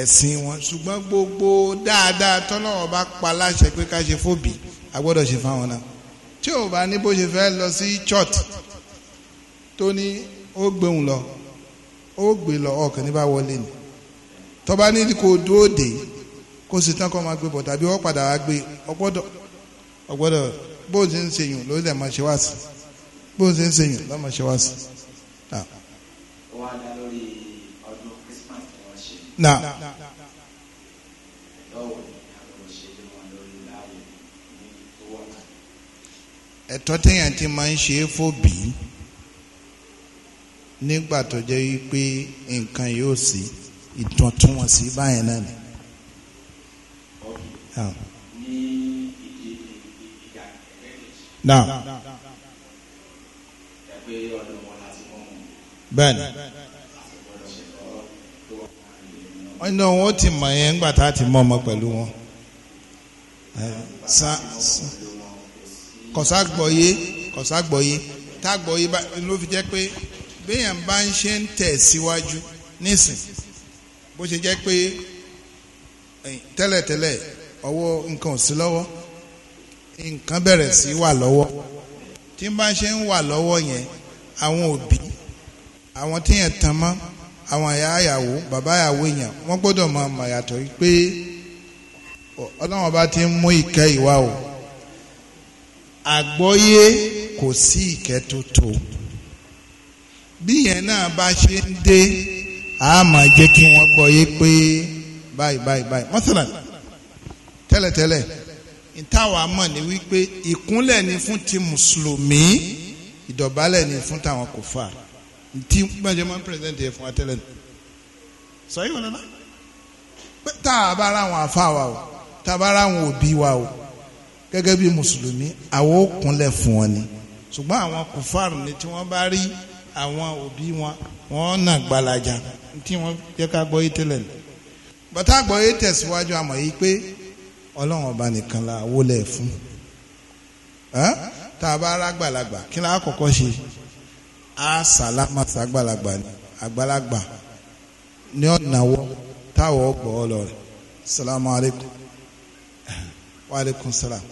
ẹ̀sìn wọn ṣùgbọ́n gbogbo dáadáa tọ́lọ́wọ́ bá pa láṣẹ pé ká ṣe fóbi a gbọ́dọ̀ ṣe fáwọn náà tí ò bá ní bó ṣe fẹ́ lọ sí church tó ní ó gbéhùn lọ ó gbé lọ ọkàn ní bá wọlé ni tọ́ba ní kò dúró dé kó sì tán kọ́ máa gbé bọ̀ tàbí wọ́n padà wá gbé ọgbọ́dọ̀ ọgbọ́dọ̀ bó ti ń ṣèyùn ló lè máa ṣe wá sí bó ti ń ṣèyùn ló máa ṣe wá sí. Nah. ẹ̀tọ́ téèyàn ti máa ń ṣe é fòbí nígbà tó jẹ́ wípé nǹkan yóò sí ìtọ̀túnwọ̀nsí báyẹn náà ni. Now. Bẹ́ẹ̀ni. Ọ̀nà wọn ti mọ̀ yẹn ńgbà tá a ti mọ̀ ọmọ pẹ̀lú wọn kọ̀ságbọ̀yé kọ̀ságbọ̀yé tágbọ̀yé ló fi jẹ́ pé béèyàn bá ń ṣe ń tẹ̀ síwájú nísìn bó ṣe jẹ́ pé tẹ́lẹ̀tẹ́lẹ̀ ọwọ́ nǹkan ò sí lọ́wọ́ nǹkan bẹ̀rẹ̀ sí wà lọ́wọ́ tí n bá ṣe ń wà lọ́wọ́ yẹn àwọn òbí àwọn téèyàn tan mọ́ àwọn àyà àyàwó bàbá àyàwó èèyàn wọ́n gbọ́dọ̀ máa mọ̀ yìí pé ọlọ́wọ́n bá ti ń mú ìkẹ́ ìwà o àgbọ́yé kò sí ìkẹ́tótó bí yẹn náà bá ṣe ń dé a máa jẹ́ kí wọ́n gbọ́yé pé báyìí báyìí báyìí mọ́tàlá tẹ́lẹ̀tẹ́lẹ̀ ìtawà mọ̀ ní wípé ìkúnlẹ̀ ni fún ti mùsùlùmí ìdọ̀bálẹ̀ ni fún tàwọn kò fà tí gbàjẹ́ mọ́ pírẹsidẹ́ntì yẹn fún wa tẹ́lẹ̀ sọ yìí wọn nana pé tá a bá ra àwọn àfa wa o tá a bá ra àwọn òbí wa o gẹ́gẹ́ bí mùsùlùmí àwọn ò kúnlẹ̀ fún wọn ni ṣùgbọ́n àwọn kùfàr ni tí wọ́n bá rí àwọn òbí wọn wọ́n nà gbalaja tí wọ́n jẹ́ ká gbọ́ yé tẹ́lẹ̀ lọ. bàtà gbọ́ yé tẹ̀síwájú àmọ́ yìí pé ọlọ́run ọba nìkan la wólẹ̀ fún tá a bá rá gbàlagbà kí la kọ́kọ́ ṣe á sàlámà sàgbàlagbà ni àgbàlagbà ní ọ̀nàwọ́ táwọ̀ gbọ́ ọ lọ rẹ̀ salamu alaykum wa alaykum salam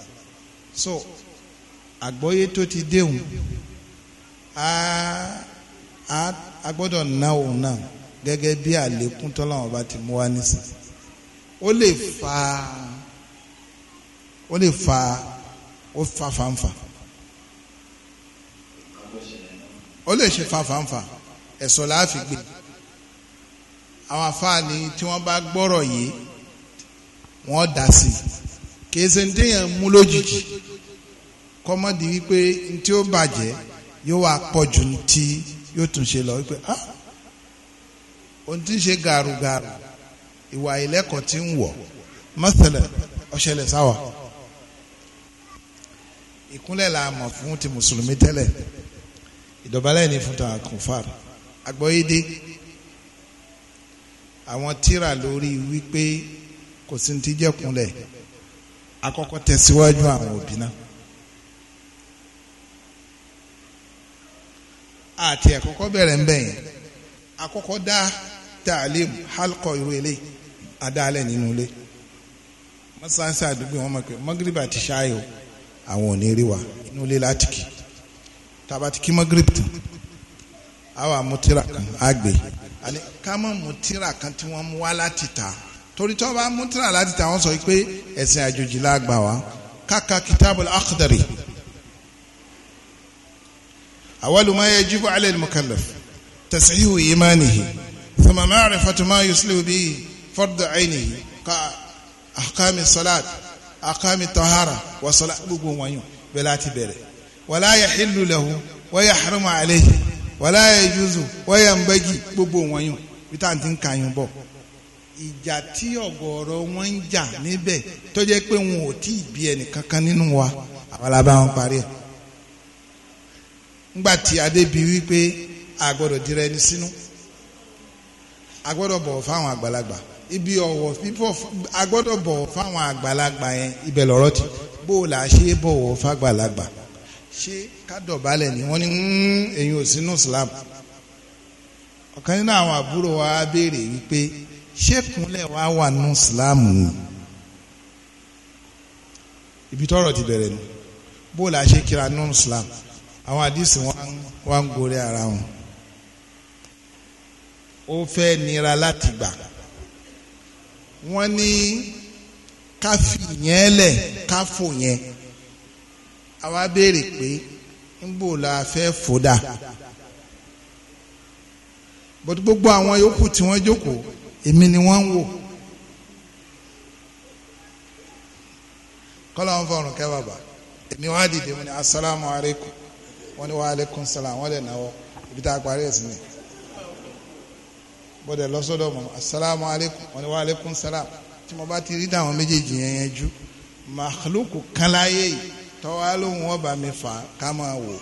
so àgbọ́yé tó ti déhùn a a a gbọ́dọ̀ ná òun náà gẹ́gẹ́ bí àlékún tọ́láwọn bá ti mú wá nísìn ó lè fa ó lè fa ó fa fanfa ó lè ṣe fa fanfa ẹ̀sọ́ la fi gbé àwọn afáàní tí wọ́n bá gbọ́rọ̀ yìí wọ́n dá sí i kìí ṣe téèyàn mú lójijì kọ́mọ́dé wípé tí ó bàjẹ́ yóò wá pọ̀jù tí yóò tún ṣe lọ wípé ah ohun tí ń ṣe gàrúgàrú ìwà ìlẹ́kọ̀ọ́ tí ń wọ̀ mọ́sẹ̀lẹ̀ ọ̀ṣẹlẹ̀ sáwà ìkúnlẹ̀ la mọ̀ fún ti mùsùlùmí tẹ́lẹ̀ ìdọ̀bálẹ̀ ní fún ta kùnfàr agbọ́yédé àwọn tíra lórí wípé kò sí ti jẹ́kunlẹ̀ akọ́kọ́ tẹ̀síwájú àwọn òbí náà àti àkọ́kọ́ bẹ̀rẹ̀ ń bẹ̀yẹn àkọ́kọ́ dá taalim halkọ irú ilé adálẹ̀ nínú ilé mọ́sánsá àdúgbò wọn mọ̀ pé mọ́gírìbà ti ṣáàyò àwọn ò ní rí wa inú ilé láti kì tàbátí kí mọ́gírìbì tán àwa mutira kan àgbè ká mọ̀ mutira kan tí wọ́n mú wá láti ta torí tó bá mú tíra láti tàwọn sọ pé ẹ̀sìn àjòjì la gbà wá kàkà kitabul akhdari awwalu ma yajibu ala al-mukallaf tasihihu imanihi thumma ma'rifatu ma yuslihu bihi fardu ainihi ka ahkami salat ahkami tahara wa salat gbogbo wọ̀nyí bẹ́ẹ̀ láti bẹ̀rẹ̀ wala yahillu lahu wa yahrumu alayhi wala yajuzu wa yanbaghi gbogbo wọ̀nyí bí táwọn ti ń ìjà tí ọgọrọ wọn ń jà níbẹ̀ tó jẹ́ pé wọn ò tí ì bí ẹnìkankan nínú wa àwọn alábá wọn parí ẹ̀. ńgbà tí adébí wípé a dira ẹni sínú a gbọ́dọ̀ bọ̀wọ̀ fáwọn àgbàlagbà ibi ọ̀wọ̀ fífọ̀ a gbọ́dọ̀ bọ̀wọ̀ fáwọn àgbàlagbà yẹn ibẹ̀ lọ́rọ̀ ti bó o là ṣe bọ̀wọ̀ fàgbàlagbà ṣé kádọ̀bálẹ̀ ni wọ́n ní ẹ̀yin hmm, ò sínú Islam ọ̀kan nínú àwọn àbúrò wa béèrè wípé ṣé kúnlẹ̀ wá wà nù sílámù ibi tọ́rọ̀ ti bẹ̀rẹ̀ nù bóòlù àṣẹ kíra nù sílámù àwọn àdìsí wọn ń gorí ara wọn ó fẹ́ nira láti gbà wọ́n ní ká fi yẹn lẹ̀ ká fò yẹn àwa béèrè pé ńgbò la fẹ́ fòdà bọ́dú gbogbo àwọn yòókù tí wọ́n jókòó èmi ni wọ́n ń wò kọ́lá wọn fọ̀rùn kẹ́ bàbá èmi wá dìde wọn ni asalaamu aleykum wọn ni wa aleykum salaam wọn lè náwó ibi tá a parí ẹ̀ sí ni bọ́dẹ̀ lọ́sọ́dọ̀ mọ́ asalaamu aleykum wọn ni wa aleykum salaam tí mo bá ti rí dáwọn méjèèjì yẹn yẹn jú màkàlùkù kánláyé yìí tọ́wá lóhùn ọba mi fà ká máa wò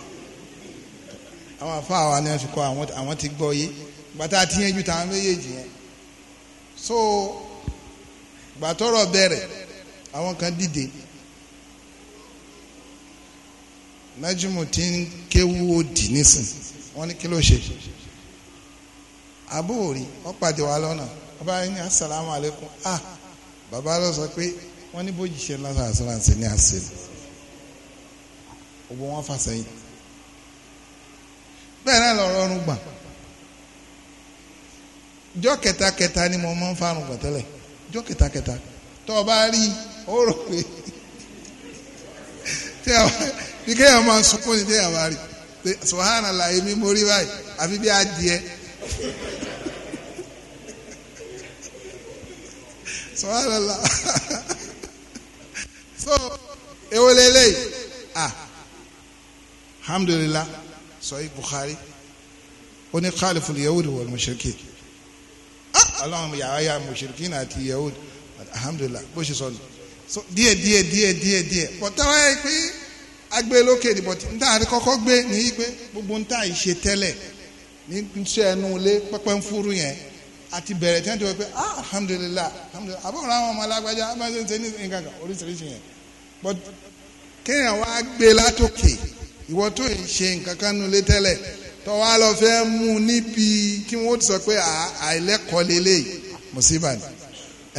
àwọn afáwa ni wọ́n fi kọ́ àwọn ti gbọ́ yé gbàtà tí yẹn ju táwọn méjèèjì yẹn so gbàtọ́rọ̀ bẹ̀rẹ̀ àwọn kan dìde nájúmù tí ń kéwú òdì nísìn wọ́n ní kí ló ṣe àbúrò ọ pàdé wa lọ́nà ọba ní asalaamu aleykum ah bàbá lọ sọ pé wọ́n ní bójì ṣe ńlá sàrànsì ní àṣìlè gbogbo wọn fà sẹ́yìn bẹ́ẹ̀ náà lọ́rọ́ ọ̀run gbà jọ kẹtakẹta ni mo máa ń fa àrùn gbọ̀tẹ́lẹ̀ jọ kẹtakẹta tó o bá rí o rò pé tí a bá ní kéèyàn máa sunkún ní tí a bá rí sọ̀hánà là èmi mo rí báyìí àfi bí adìẹ sọ̀hánà là so ewo leleyi ah alhamdulilah sọ yìí Bukhari ó ní khalifu yahudi wal mushrikin ọlọ́run yàrá yà mushrikin àti yahud alhamdulilah bó ṣe sọ nù so díẹ̀ díẹ̀ díẹ̀ díẹ̀ díẹ̀ bọ̀tẹ́wọ́ yẹ pé agbe lókè ní bọ̀tí ní táà kọ́kọ́ gbé ní yí pé gbogbo ní táà yìí ṣe tẹ́lẹ̀ ní iṣẹ́ ẹnu ilé pẹ́pẹ́ ń fúru yẹn àti bẹ̀rẹ̀ tí wọ́n ti wọ́n pé ah alhamdulilah alhamdulilah àbúrò àwọn ọmọ alágbájá abájọ́ ń ṣe ní nǹkan kan oríṣiríṣi yẹn but kéèyàn wá gbé látòkè ìwọ tó ń ṣe nǹkan kan nulẹ̀ tẹ́lẹ̀ tó lọ fẹ́ mú níbi kí wọ́n ti sọ pé àìlẹ́kọ̀ọ́ lélẹ̀ mùsíbà ni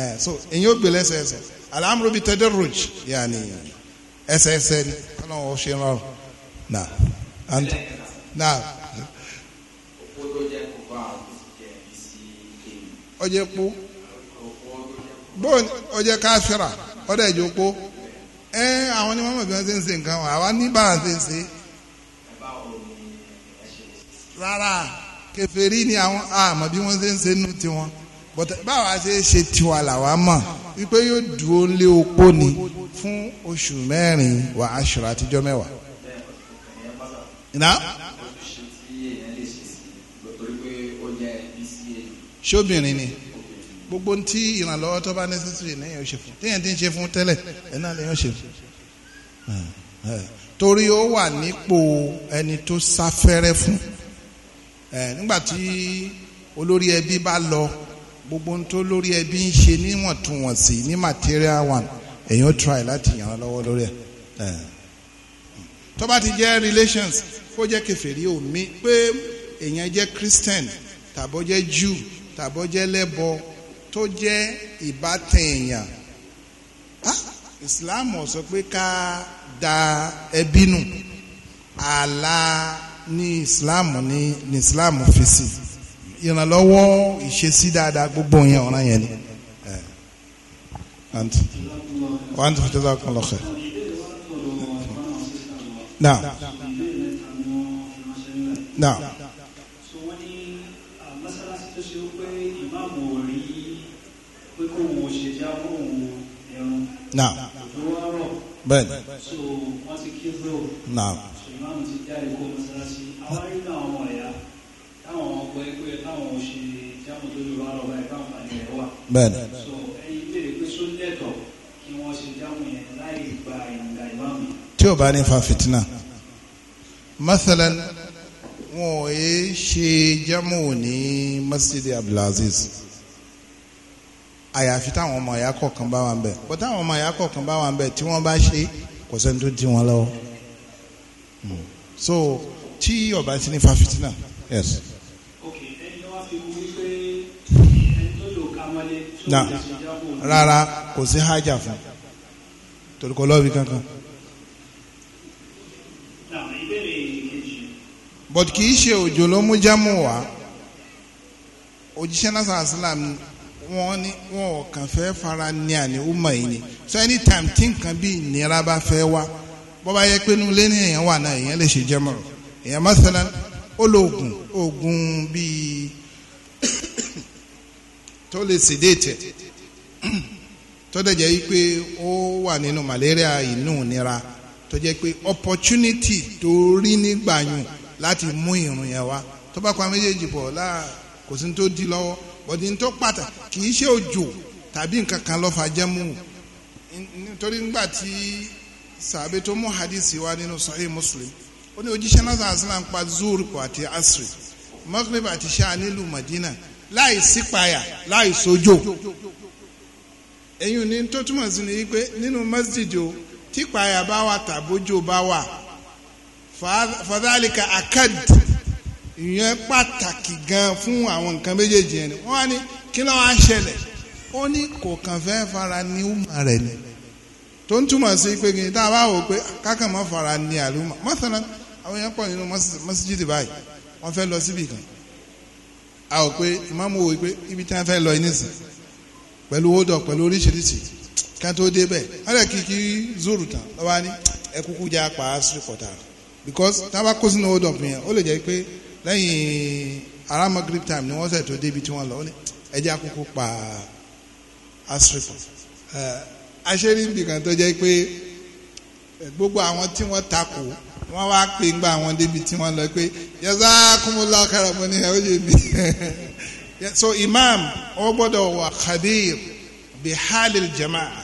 ẹ so èyí ó gbé lẹ́sẹẹsẹ alamuru bi tẹ́jọ́ roj yaani ẹsẹẹsẹ ni kọ́nà ó ṣe rọrùn na and na. ọjẹ kpó bóun ọjẹ káfíra ọdẹ ìjọ kpó ẹ àwọn ni wọn ṣe ń ṣe nǹkan wọn àwa ní bá ṣe ń ṣe. rárá kèfèrí ni àwọn àmọ́ bí wọ́n ṣe ń ṣe nù tiwọn bọ́tẹ́ báwa ṣe é ṣe tiwa làwa mọ̀ wípé yóò dúró lé opó ni fún oṣù mẹ́rin wà aṣọra àtijọ́ mẹ́wàá. ìná. ṣóbìnrin ni gbogbo ntí ìrànlọ́wọ́ tó bá necessary lẹ́yìn oṣù fún téèyàn ti ń ṣe fún tẹ́lẹ̀ ẹ̀ náà lẹ́yìn oṣù fún torí ó wà nípò ẹni tó sáfẹ́rẹ́ fún ẹ nígbà tí olórí ẹbí bá lọ gbogbo ohun tó lórí ẹbí ń ṣe níwọ̀ntúnwọ̀nsì ní material one èyàn try láti yàn án lọ́wọ́ lórí ẹ̀ tó bá ti jẹ́ relations kó jẹ́ kèfèrí omi pé èyàn jẹ́ Christian tàbó jẹ́ Jew tàbó jẹ́ lẹ́bọ tó jẹ́ ìbátan èyàn Islam ó sọ pé ká da ẹbí nù ààlà ní islam ní ní islam fi sí ìrànlọ́wọ́ ìṣesí dáadáa gbogbo yẹn ọ̀ràn yẹn ni. wàá tó jẹ́ sọ́kàn lọ́kẹ́. now now. Uh, now bẹ́ẹ̀ni now àwọn nínú àwọn ọmọ ẹ̀yà táwọn ọkọ̀ ẹgbẹ́ táwọn ṣe jáàmù tó lóra lọ báyìí bá nǹkan ilẹ̀ wà. bẹ́ẹ̀ni. so ẹyin béèrè pé só lẹ́tọ̀ kí wọ́n ṣe jáàmù yẹn láì gba ìyànga ìmáàmù. tí ò bá ní fa fìtínà masalan wọn ò yé ṣe jáàmù ní masjid abdulaziz àyàfi táwọn ọmọ ẹ̀yà kọ̀ọ̀kan bá wà ń bẹ̀ bọ́ táwọn ọmọ ẹ̀yà kọ̀ọ̀kan bá wà ń bẹ̀ tí wọ́n bá ṣe kò sẹ́ni tó dí wọn lọ́wọ́ hmm. so tí ọba ti ní fáfitì náà. yes. ok ẹni tó wá fi wí pé ẹni tó lò ká mọ́lé tó lè kò sí hájà fún torí lọ́ọ̀bì kankan. but kì í ṣe òjò ló mú jámù wá òjíṣẹ́ náà sàásìlám wọn ni wọn ò kàn fẹ́ fara ní àní ọmọ yìí ni so anytime tí nǹkan bí ìnira bá fẹ́ wá bọ́ bá yẹ pé nulẹ̀ ní èèyàn wà náà èèyàn lè ṣe jẹ́mọ̀rọ̀. èèyàn masalan ó lo oògùn oògùn bíi tó lè sedate tó dẹ̀ jẹ́ pé ó malaria inú nira tó jẹ́ pé opportunity tó rí nígbàyàn láti mú ìrùn yẹn wá tó bá pa méjèèjì pọ̀ láà kò sí tó di lọ́wọ́ bọ̀dí tó pàtàkì kì í ṣe òjò tàbí nǹkan kan lọ́fà jẹ́mú nítorí nígbà tí hadisi nínú muslim ó ní òjíṣẹ́ náà sàn sílá ń pa zuru pọ̀ àti asri maghrib àti ṣáà nílùú madina láì sípayà láì sójò ẹ̀yìn ní tó túmọ̀ sí ni wípé nínú masjid o típayà bá wà tàbójò bá wà fadálíkà akad ìyẹn pàtàkì gan fún àwọn nǹkan méjèèjì yẹn ni wọ́n á ní kí ló wá ṣẹlẹ̀ ó ní kò kàn fẹ́ fara ní ùmà rẹ̀ ni tó ń túmọ̀ sí pé kí n tá a bá wò pé kákàn fara ní àlùmọ̀ mọ́sánná àwọn èèyàn pọ̀ nínú mọ́síjìdì báyìí wọ́n fẹ́ lọ síbì kan a ò pé ìmáàmù wò pé ibi tí wọ́n fẹ́ lọ nísìn pẹ̀lú wódọ̀ pẹ̀lú oríṣiríṣi ká tó dé bẹ̀ wọ́n lè kí kí zoro tán lọ́wọ́ á ní ẹ kúkú já pa áṣírí kọ̀tà because tá a bá kó sínú wódọ̀ fún yẹn ó lè jẹ́ pé lẹ́yìn ara magrib time ni wọ́n sẹ̀ tó débi tí wọ́n lọ ẹ jẹ́ àkókò pa áṣírí kọ̀tà aṣẹ́rìndì kan tó jẹ́ pé gbogbo àwọn tí wọ́n takò wọ́n wá pè ń gba àwọn débi tí wọ́n lọ pé jazakumullahu khairan mo ní ẹ̀ ó yé mi so imam ó gbọ́dọ̀ wà khabir bi halil jama'a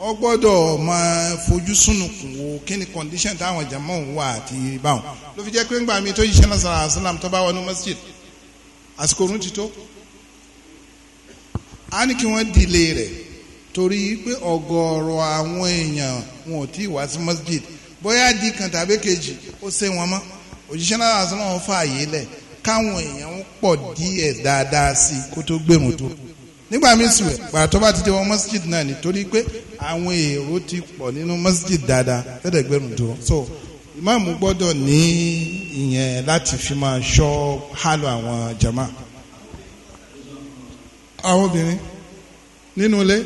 ó gbọ́dọ̀ máa fojú sunukun wo kí ni condition táwọn jama ń wà àti báwọn ló fi jẹ́ pé ńgbà mi tó yíṣẹ́ náà sàrà sàlám tó bá wọnú masjid àsìkò orun ti tó a ní kí wọ́n dìlé rẹ̀ torí pé ọ̀gọ̀ọ̀rọ̀ àwọn èèyàn wọn ò tí ì wá sí masjid bóyá di kan tàbí kejì ó ṣe wọn mọ́ òjíṣẹ́ náà àti wọn fààyè lẹ̀ káwọn èèyàn ń pọ̀ díẹ̀ dáadáa sí i kó tó gbẹ̀rún tó nígbà míì sì wẹ̀ gbà tó bá ti dé wọn masjid náà nítorí pé àwọn èrò ti pọ̀ nínú masjid dáadáa tẹ́lẹ̀ gbẹ̀rún tó so ìmáàmù gbọ́dọ̀ ní ìyẹn láti fi máa ṣọ́ hálò àwọn jama àwọn obìnrin nínú ilé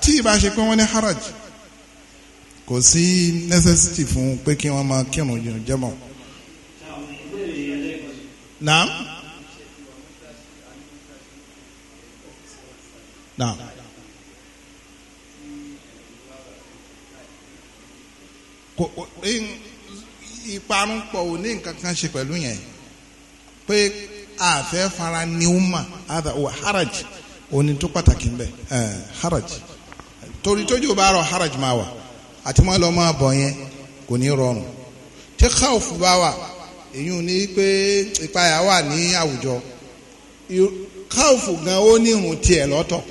tí ìbá ṣe ní haraj kò sí necessity fún pé kí wọ́n máa kírun jù jẹ́mọ̀. naam naam. kò ìparun pọ̀ ò ní nǹkan kan ṣe pẹ̀lú yẹn pé àfẹ́ fara ni ó mà haraj òní tó pàtàkì ń bẹ haraj torí tójú bá rọ haraj máa wà àti máa lọ máa bọ̀ yẹn kò ní rọrùn tí káwọ́fù bá wà èyí ni pé ìpayà wà ní àwùjọ káwọ́fù gan ó ní ìrùn tiẹ̀ lọ́tọ̀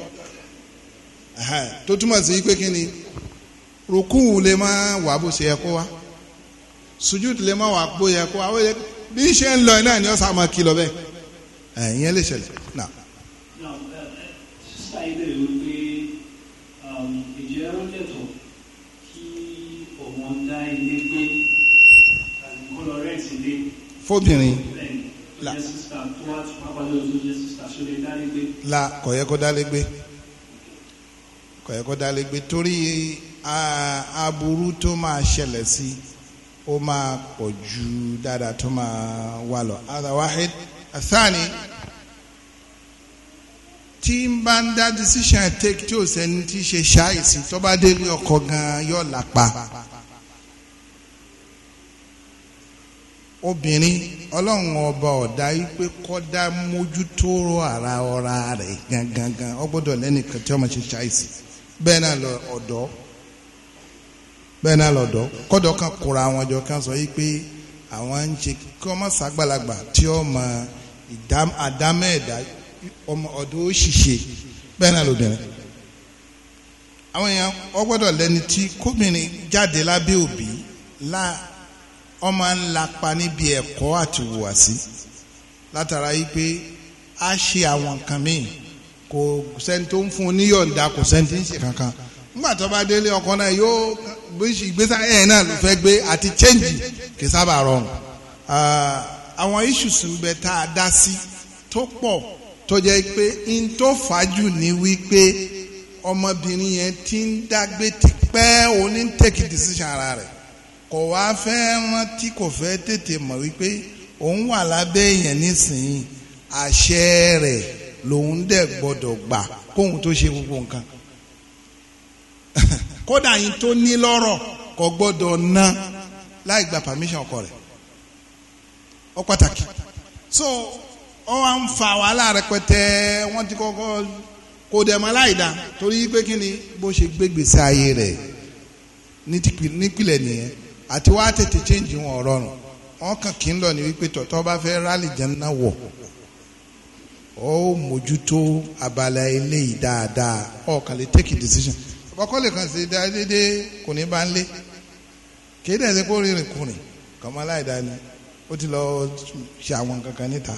tó túmọ̀ sí pé kí ni rukú lè má wà bó ṣe yẹ kó wá sujud lè má wà bó yẹ kó wá bí ṣe ń lọ náà ni ó sá máa kí lọ bẹ́ẹ̀ ìyẹn lè ṣẹlẹ̀ náà. ilé fóbìnrin la la kò yẹ kó dálé gbé kò yẹ kó dálé gbé torí aburú tó máa ṣẹlẹ̀ sí ó máa pọ̀ ju dáadáa tó máa wà lọ. adawahid athani tí n bá ń dá decision take tí ò sẹ́ni tí ṣe ṣáìsì tó bá délé ọkọ gan-an yóò lápa obìnrin ọlọ́run ọba ọ̀dá wípé kọ́dá mójútóró ara ọra rẹ̀ gangan ó gbọ́dọ̀ lẹ́nìkan tí ọmọ ṣe ṣàìsí bẹ́ẹ̀ náà lọ ọ̀dọ́ bẹ́ẹ̀ náà lọ̀dọ́ kọ́dọ̀ kan kóra àwọn ọjọ́ kan sọ wípé àwọn ń ṣe kí ọmọ sàgbàlagbà tí ọmọ àdámẹ́ẹ̀dá ọmọ ọ̀dọ́ òṣìṣe bẹ́ẹ̀ náà lọ́bìnrin àwọn èèyàn ó gbọ́dọ̀ lẹ́ni tí kóbìnrin jáde lábẹ́ òbí láà wọ́n máa ń lapa níbi ẹ̀kọ́ àti ìhùwàsí látara yìí pé a ṣe àwọn nǹkan míì kò sẹ́ni tó ń fún un níyọ̀ǹda kò sẹ́ni tí ń ṣe kankan nígbà tó bá délé ọkọ náà yóò ìgbésà ẹ̀ náà ló fẹ́ gbé àti chẹ́ǹjì kì í sábà rọrùn àwọn issues ń tá a dá sí tó pọ̀ tó jẹ́ pé n tó fàájù ni wípé ọmọbìnrin yẹn ti ń dágbé tipẹ́ oní take decision ara rẹ̀ kò wá fẹ́ wọn tí kò fẹ́ tètè mọ̀ wípé òun wà lábẹ́ èèyàn nísìnyí àṣẹ rẹ̀ lòun dẹ̀ gbọ́dọ̀ gbà kóhun tó ṣe gbogbo nǹkan kódà yín tó ní lọ́rọ̀ kò gbọ́dọ̀ ná láì gba permission ọkọ rẹ̀ ó pàtàkì so ó wá ń fa wàhálà rẹpẹtẹ wọ́n ti kọ́kọ́ kò dẹ̀ mọ́ láì dá torí pé kí ni bó ṣe gbégbèsè ayé rẹ̀ nípìnlẹ̀ nìyẹn àti wá tètè change wọn ọ̀rọ̀rùn wọn kàn kí n lọ ní wípé tọ̀tọ̀ bá fẹ́ rálì jẹ́nà wọ̀ ó mójútó abala eléyìí dáadáa ọ̀kan lè take a decision ọkọ lè kàn sí déédéé kò ní bá ń lé kéde ẹsẹ kó rìnrìn kùnrin kọmọ aláìda ni ó ti lọ ṣe àwọn kankan níta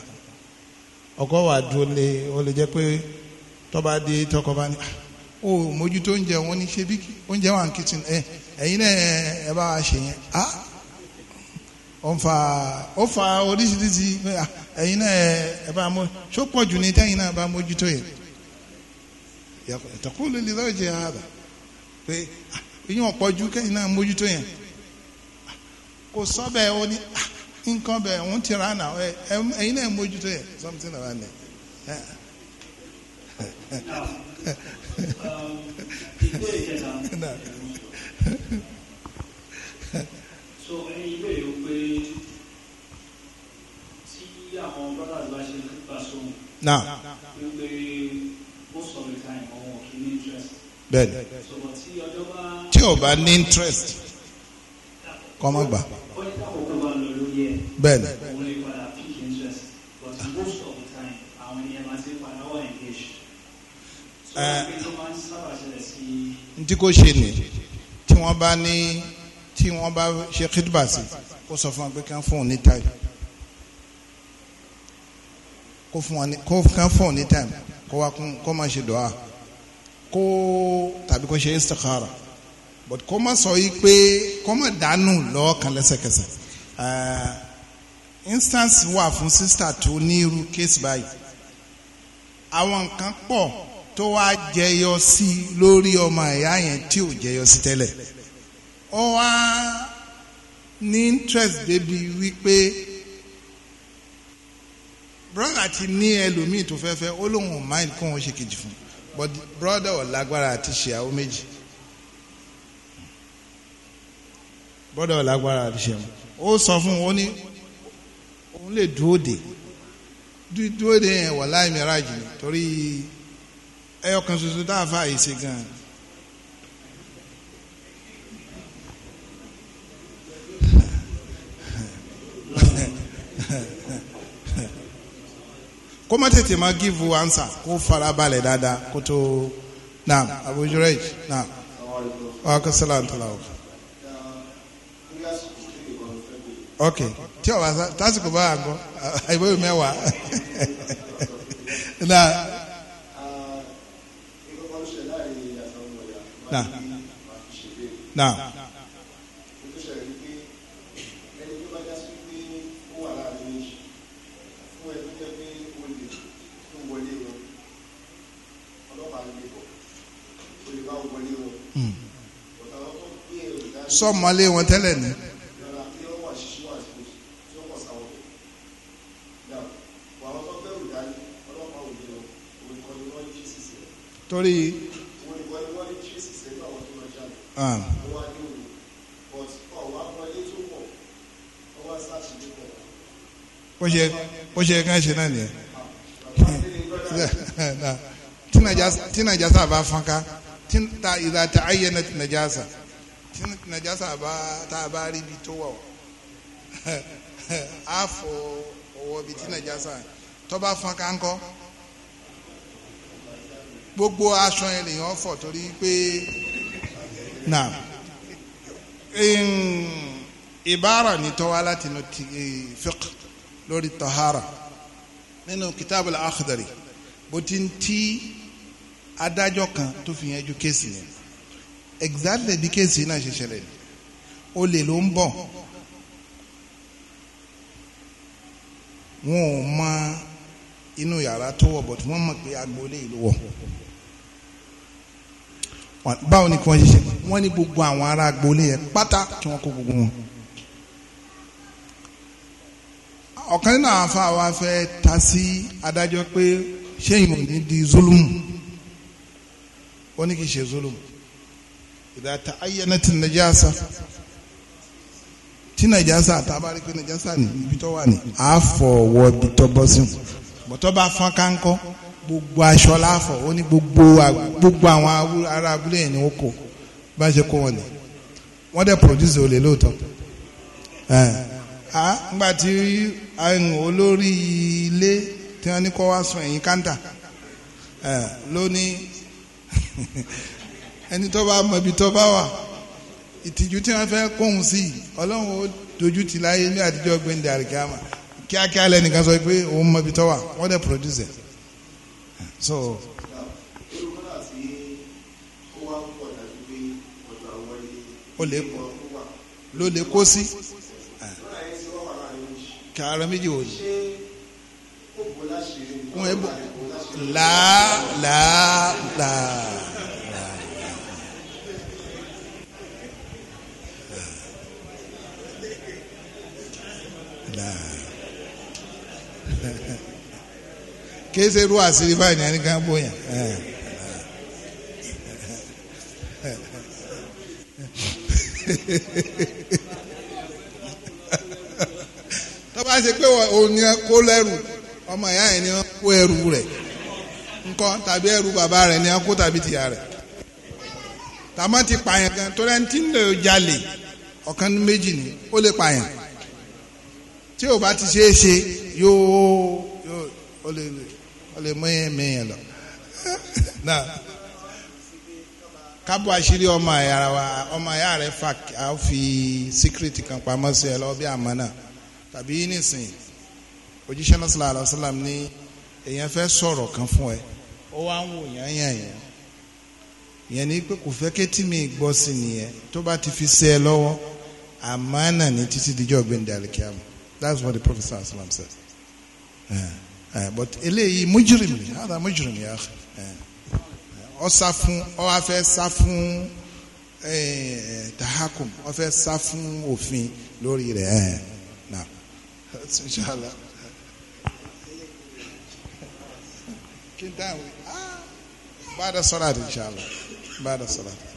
ọkọ wà dúró lé ó lè jẹ pé tọba dé tọkọ bá ní ah, o mójútó oúnjẹ wọn ní ṣe bí oúnjẹ wà ń kìtìn ẹ náà ẹ bá ṣe yẹn a ah, ó fa ó fa oríṣiríṣi ẹ̀yin náà ẹ bá mọ ṣó pọ̀ jù ní tẹ́yìn náà bá mójútó yẹn ẹ̀tọ́kùn lè lè lọ́ọ́ jẹ́ àbá pé ah, ìyẹn ọ̀pọ̀ náà mójútó yẹn kò sọ ó ní ah, nǹkan bẹ́ẹ̀ ti nà ẹ̀yin náà so ẹni ìbéèrè ó pé tí àwọn brothers bá ṣe gbà most of the time àwọn kì í ní interest. bẹ́ẹ̀ni tí o bá interest kọ́ mọ́ gbà. bẹ́ẹ̀ni. ntí kò ṣe ni tí wọ́n bá ní tí wọ́n bá ṣe kídùbà sí kó sọ fún wọn pé kí wọ́n fún òun ní time kó fún wọn ní kó kí wọ́n fún òun ní time kó wá kún kó má ṣe dọ́à kó tàbí kó ṣe istikhara but kó má sọ yìí pé kó má dànù lọ́ọ̀kan lẹ́sẹ̀kẹsẹ̀ eh, instance wà fún sista tó ní irú case báyìí àwọn nǹkan pọ̀ tó wá jẹyọ sí lórí ọmọ ìyá yẹn tí ò jẹyọ sí tẹ́lẹ̀ ó wá ní interest débi wípé brother ti ní ẹlòmíì tó fẹ́fẹ́ ó lóun ò mind kó wọn ṣe kejì fún but brother ò lágbára àti ṣe àwọn méjì brother ò lágbára àti ṣe àwọn ó sọ fún wọn ní òun lè dúró dè dúró dè yẹn wà láì mìíràn jù torí ẹyọ kan ṣoṣo tá a fa àyèsè gan. kó má tètè má give you answer kó fara balẹ̀ dáadáa kó tó naam abuja rẹ̀ naam wa kasala n tala o. ok tí o bá tásìkò bá wà gbọ́ àìbóyè mẹ́wàá. náà náà. Hmm. sọmọlé wọn tẹ́lẹ̀ ni. torí o ah. ṣe ó ṣe kán na náà tí nàjásà bá ta ìdá ayé na tí nàjásà tí nàjásà bá tá a bá rí ibi tó wà ó á fọ tí tó bá gbogbo aṣọ ẹ̀ lèyàn fọ̀ torí pé. náà ìbára ni tọ́wá láti inú eh, fiqh lórí tahara nínú kitabu al-akhdari bó ti ń tí adájọ́ kan tó fi yanjú kéèsì yẹn exactly bí kéèsì náà ṣe ṣẹlẹ̀ ni olè ló ń wọn ò mọ inú yàrá tó wọ̀ bọ̀ tí wọ́n pé agboolé ìlú wọ̀ báwo ni kí wọ́n ṣe ṣe wọ́n ní gbogbo àwọn ará agboolé yẹn pátá tí wọ́n kó gbogbo wọn. ọ̀kan nínú àwọn afa wa fẹ́ ta sí adájọ́ pé ṣé ìmọ̀ di zulumu ó ní kì í ṣe zulumu ìdá ta ayyanat najasa tí nàìjásá àtàbárí pé nàìjásá ní ibi tó wà ní. a fọwọ́ bí tọ́bọ́ sí mu. bọ́tọ́ bá fọ́n kánkọ́ gbogbo aṣọ láfọ̀ ó ní gbogbo àwọn ará abúlé yẹn ni ó kò bá ṣe kó wọn ni wọ́n dẹ̀ produce olè lóòótọ́ nígbà tí olórí ilé tí wọ́n ní kó wá sùn ẹ̀yìn káńtà ló ní ẹni tó bá mọ ibi tó bá wà ìtìjú tí wọ́n fẹ́ kóhun sí ọlọ́run ó dojú ti láyé ní àtijọ́ gbẹ̀ndẹ̀ àríkàmà kíákíá lẹ́nìkan sọ pé òun mọ ibi tó wà wọ́n dẹ̀ produce so. ó lè ló lè kó sí kàrọ méjì wò ni wọn ẹ bọ làá làá làá. kí ẹ ṣe rú àṣírí báyìí ní ẹni kan bóyá. tọ́ba ṣe pé òun ni kó lẹ́rù ọmọ ìyá yẹn ni wọ́n kó ẹrù rẹ̀ ńkọ́ tàbí ẹrù bàbá rẹ̀ ni wọ́n kó tàbí tìyà rẹ̀ tàmọ́ ti pààyàn gan tó rẹ̀ ń tí ń lè jalè ọ̀kan méjì ni ó lè pààyàn tí ò bá ti ṣe é ṣe yóò ó lè mú ẹ̀mí lọ. kábọ̀ àṣírí ọmọ àyà wa ọmọ àyà rẹ̀ fà á fi síkírìtì kan pamọ́ sí ẹ lọ́wọ́ bí àmọ́ náà tàbí nísìnyí òjíṣẹ́ náà sallallahu alaihi wasallam ní èèyàn fẹ́ sọ̀rọ̀ kan fún ẹ ó wá ń wò yán yàn yàn ìyẹn ni pé kò fẹ́ kétí mi gbọ́ sí nìyẹn tó bá ti fi sí ẹ lọ́wọ́ àmọ́ náà ní títí dijọ́ gbẹ̀ndé alikiam that's what the prophet sallallahu alaihi but eléyìí mujrim hada mujrim yà á ọsá fún ọ wá fẹ́ sá fún tahakum ọ fẹ́ sá fún òfin lórí rẹ̀ ẹ̀ náà inshallah kí n ah, sọ́ra àti inshallah bá sọ́ra àti.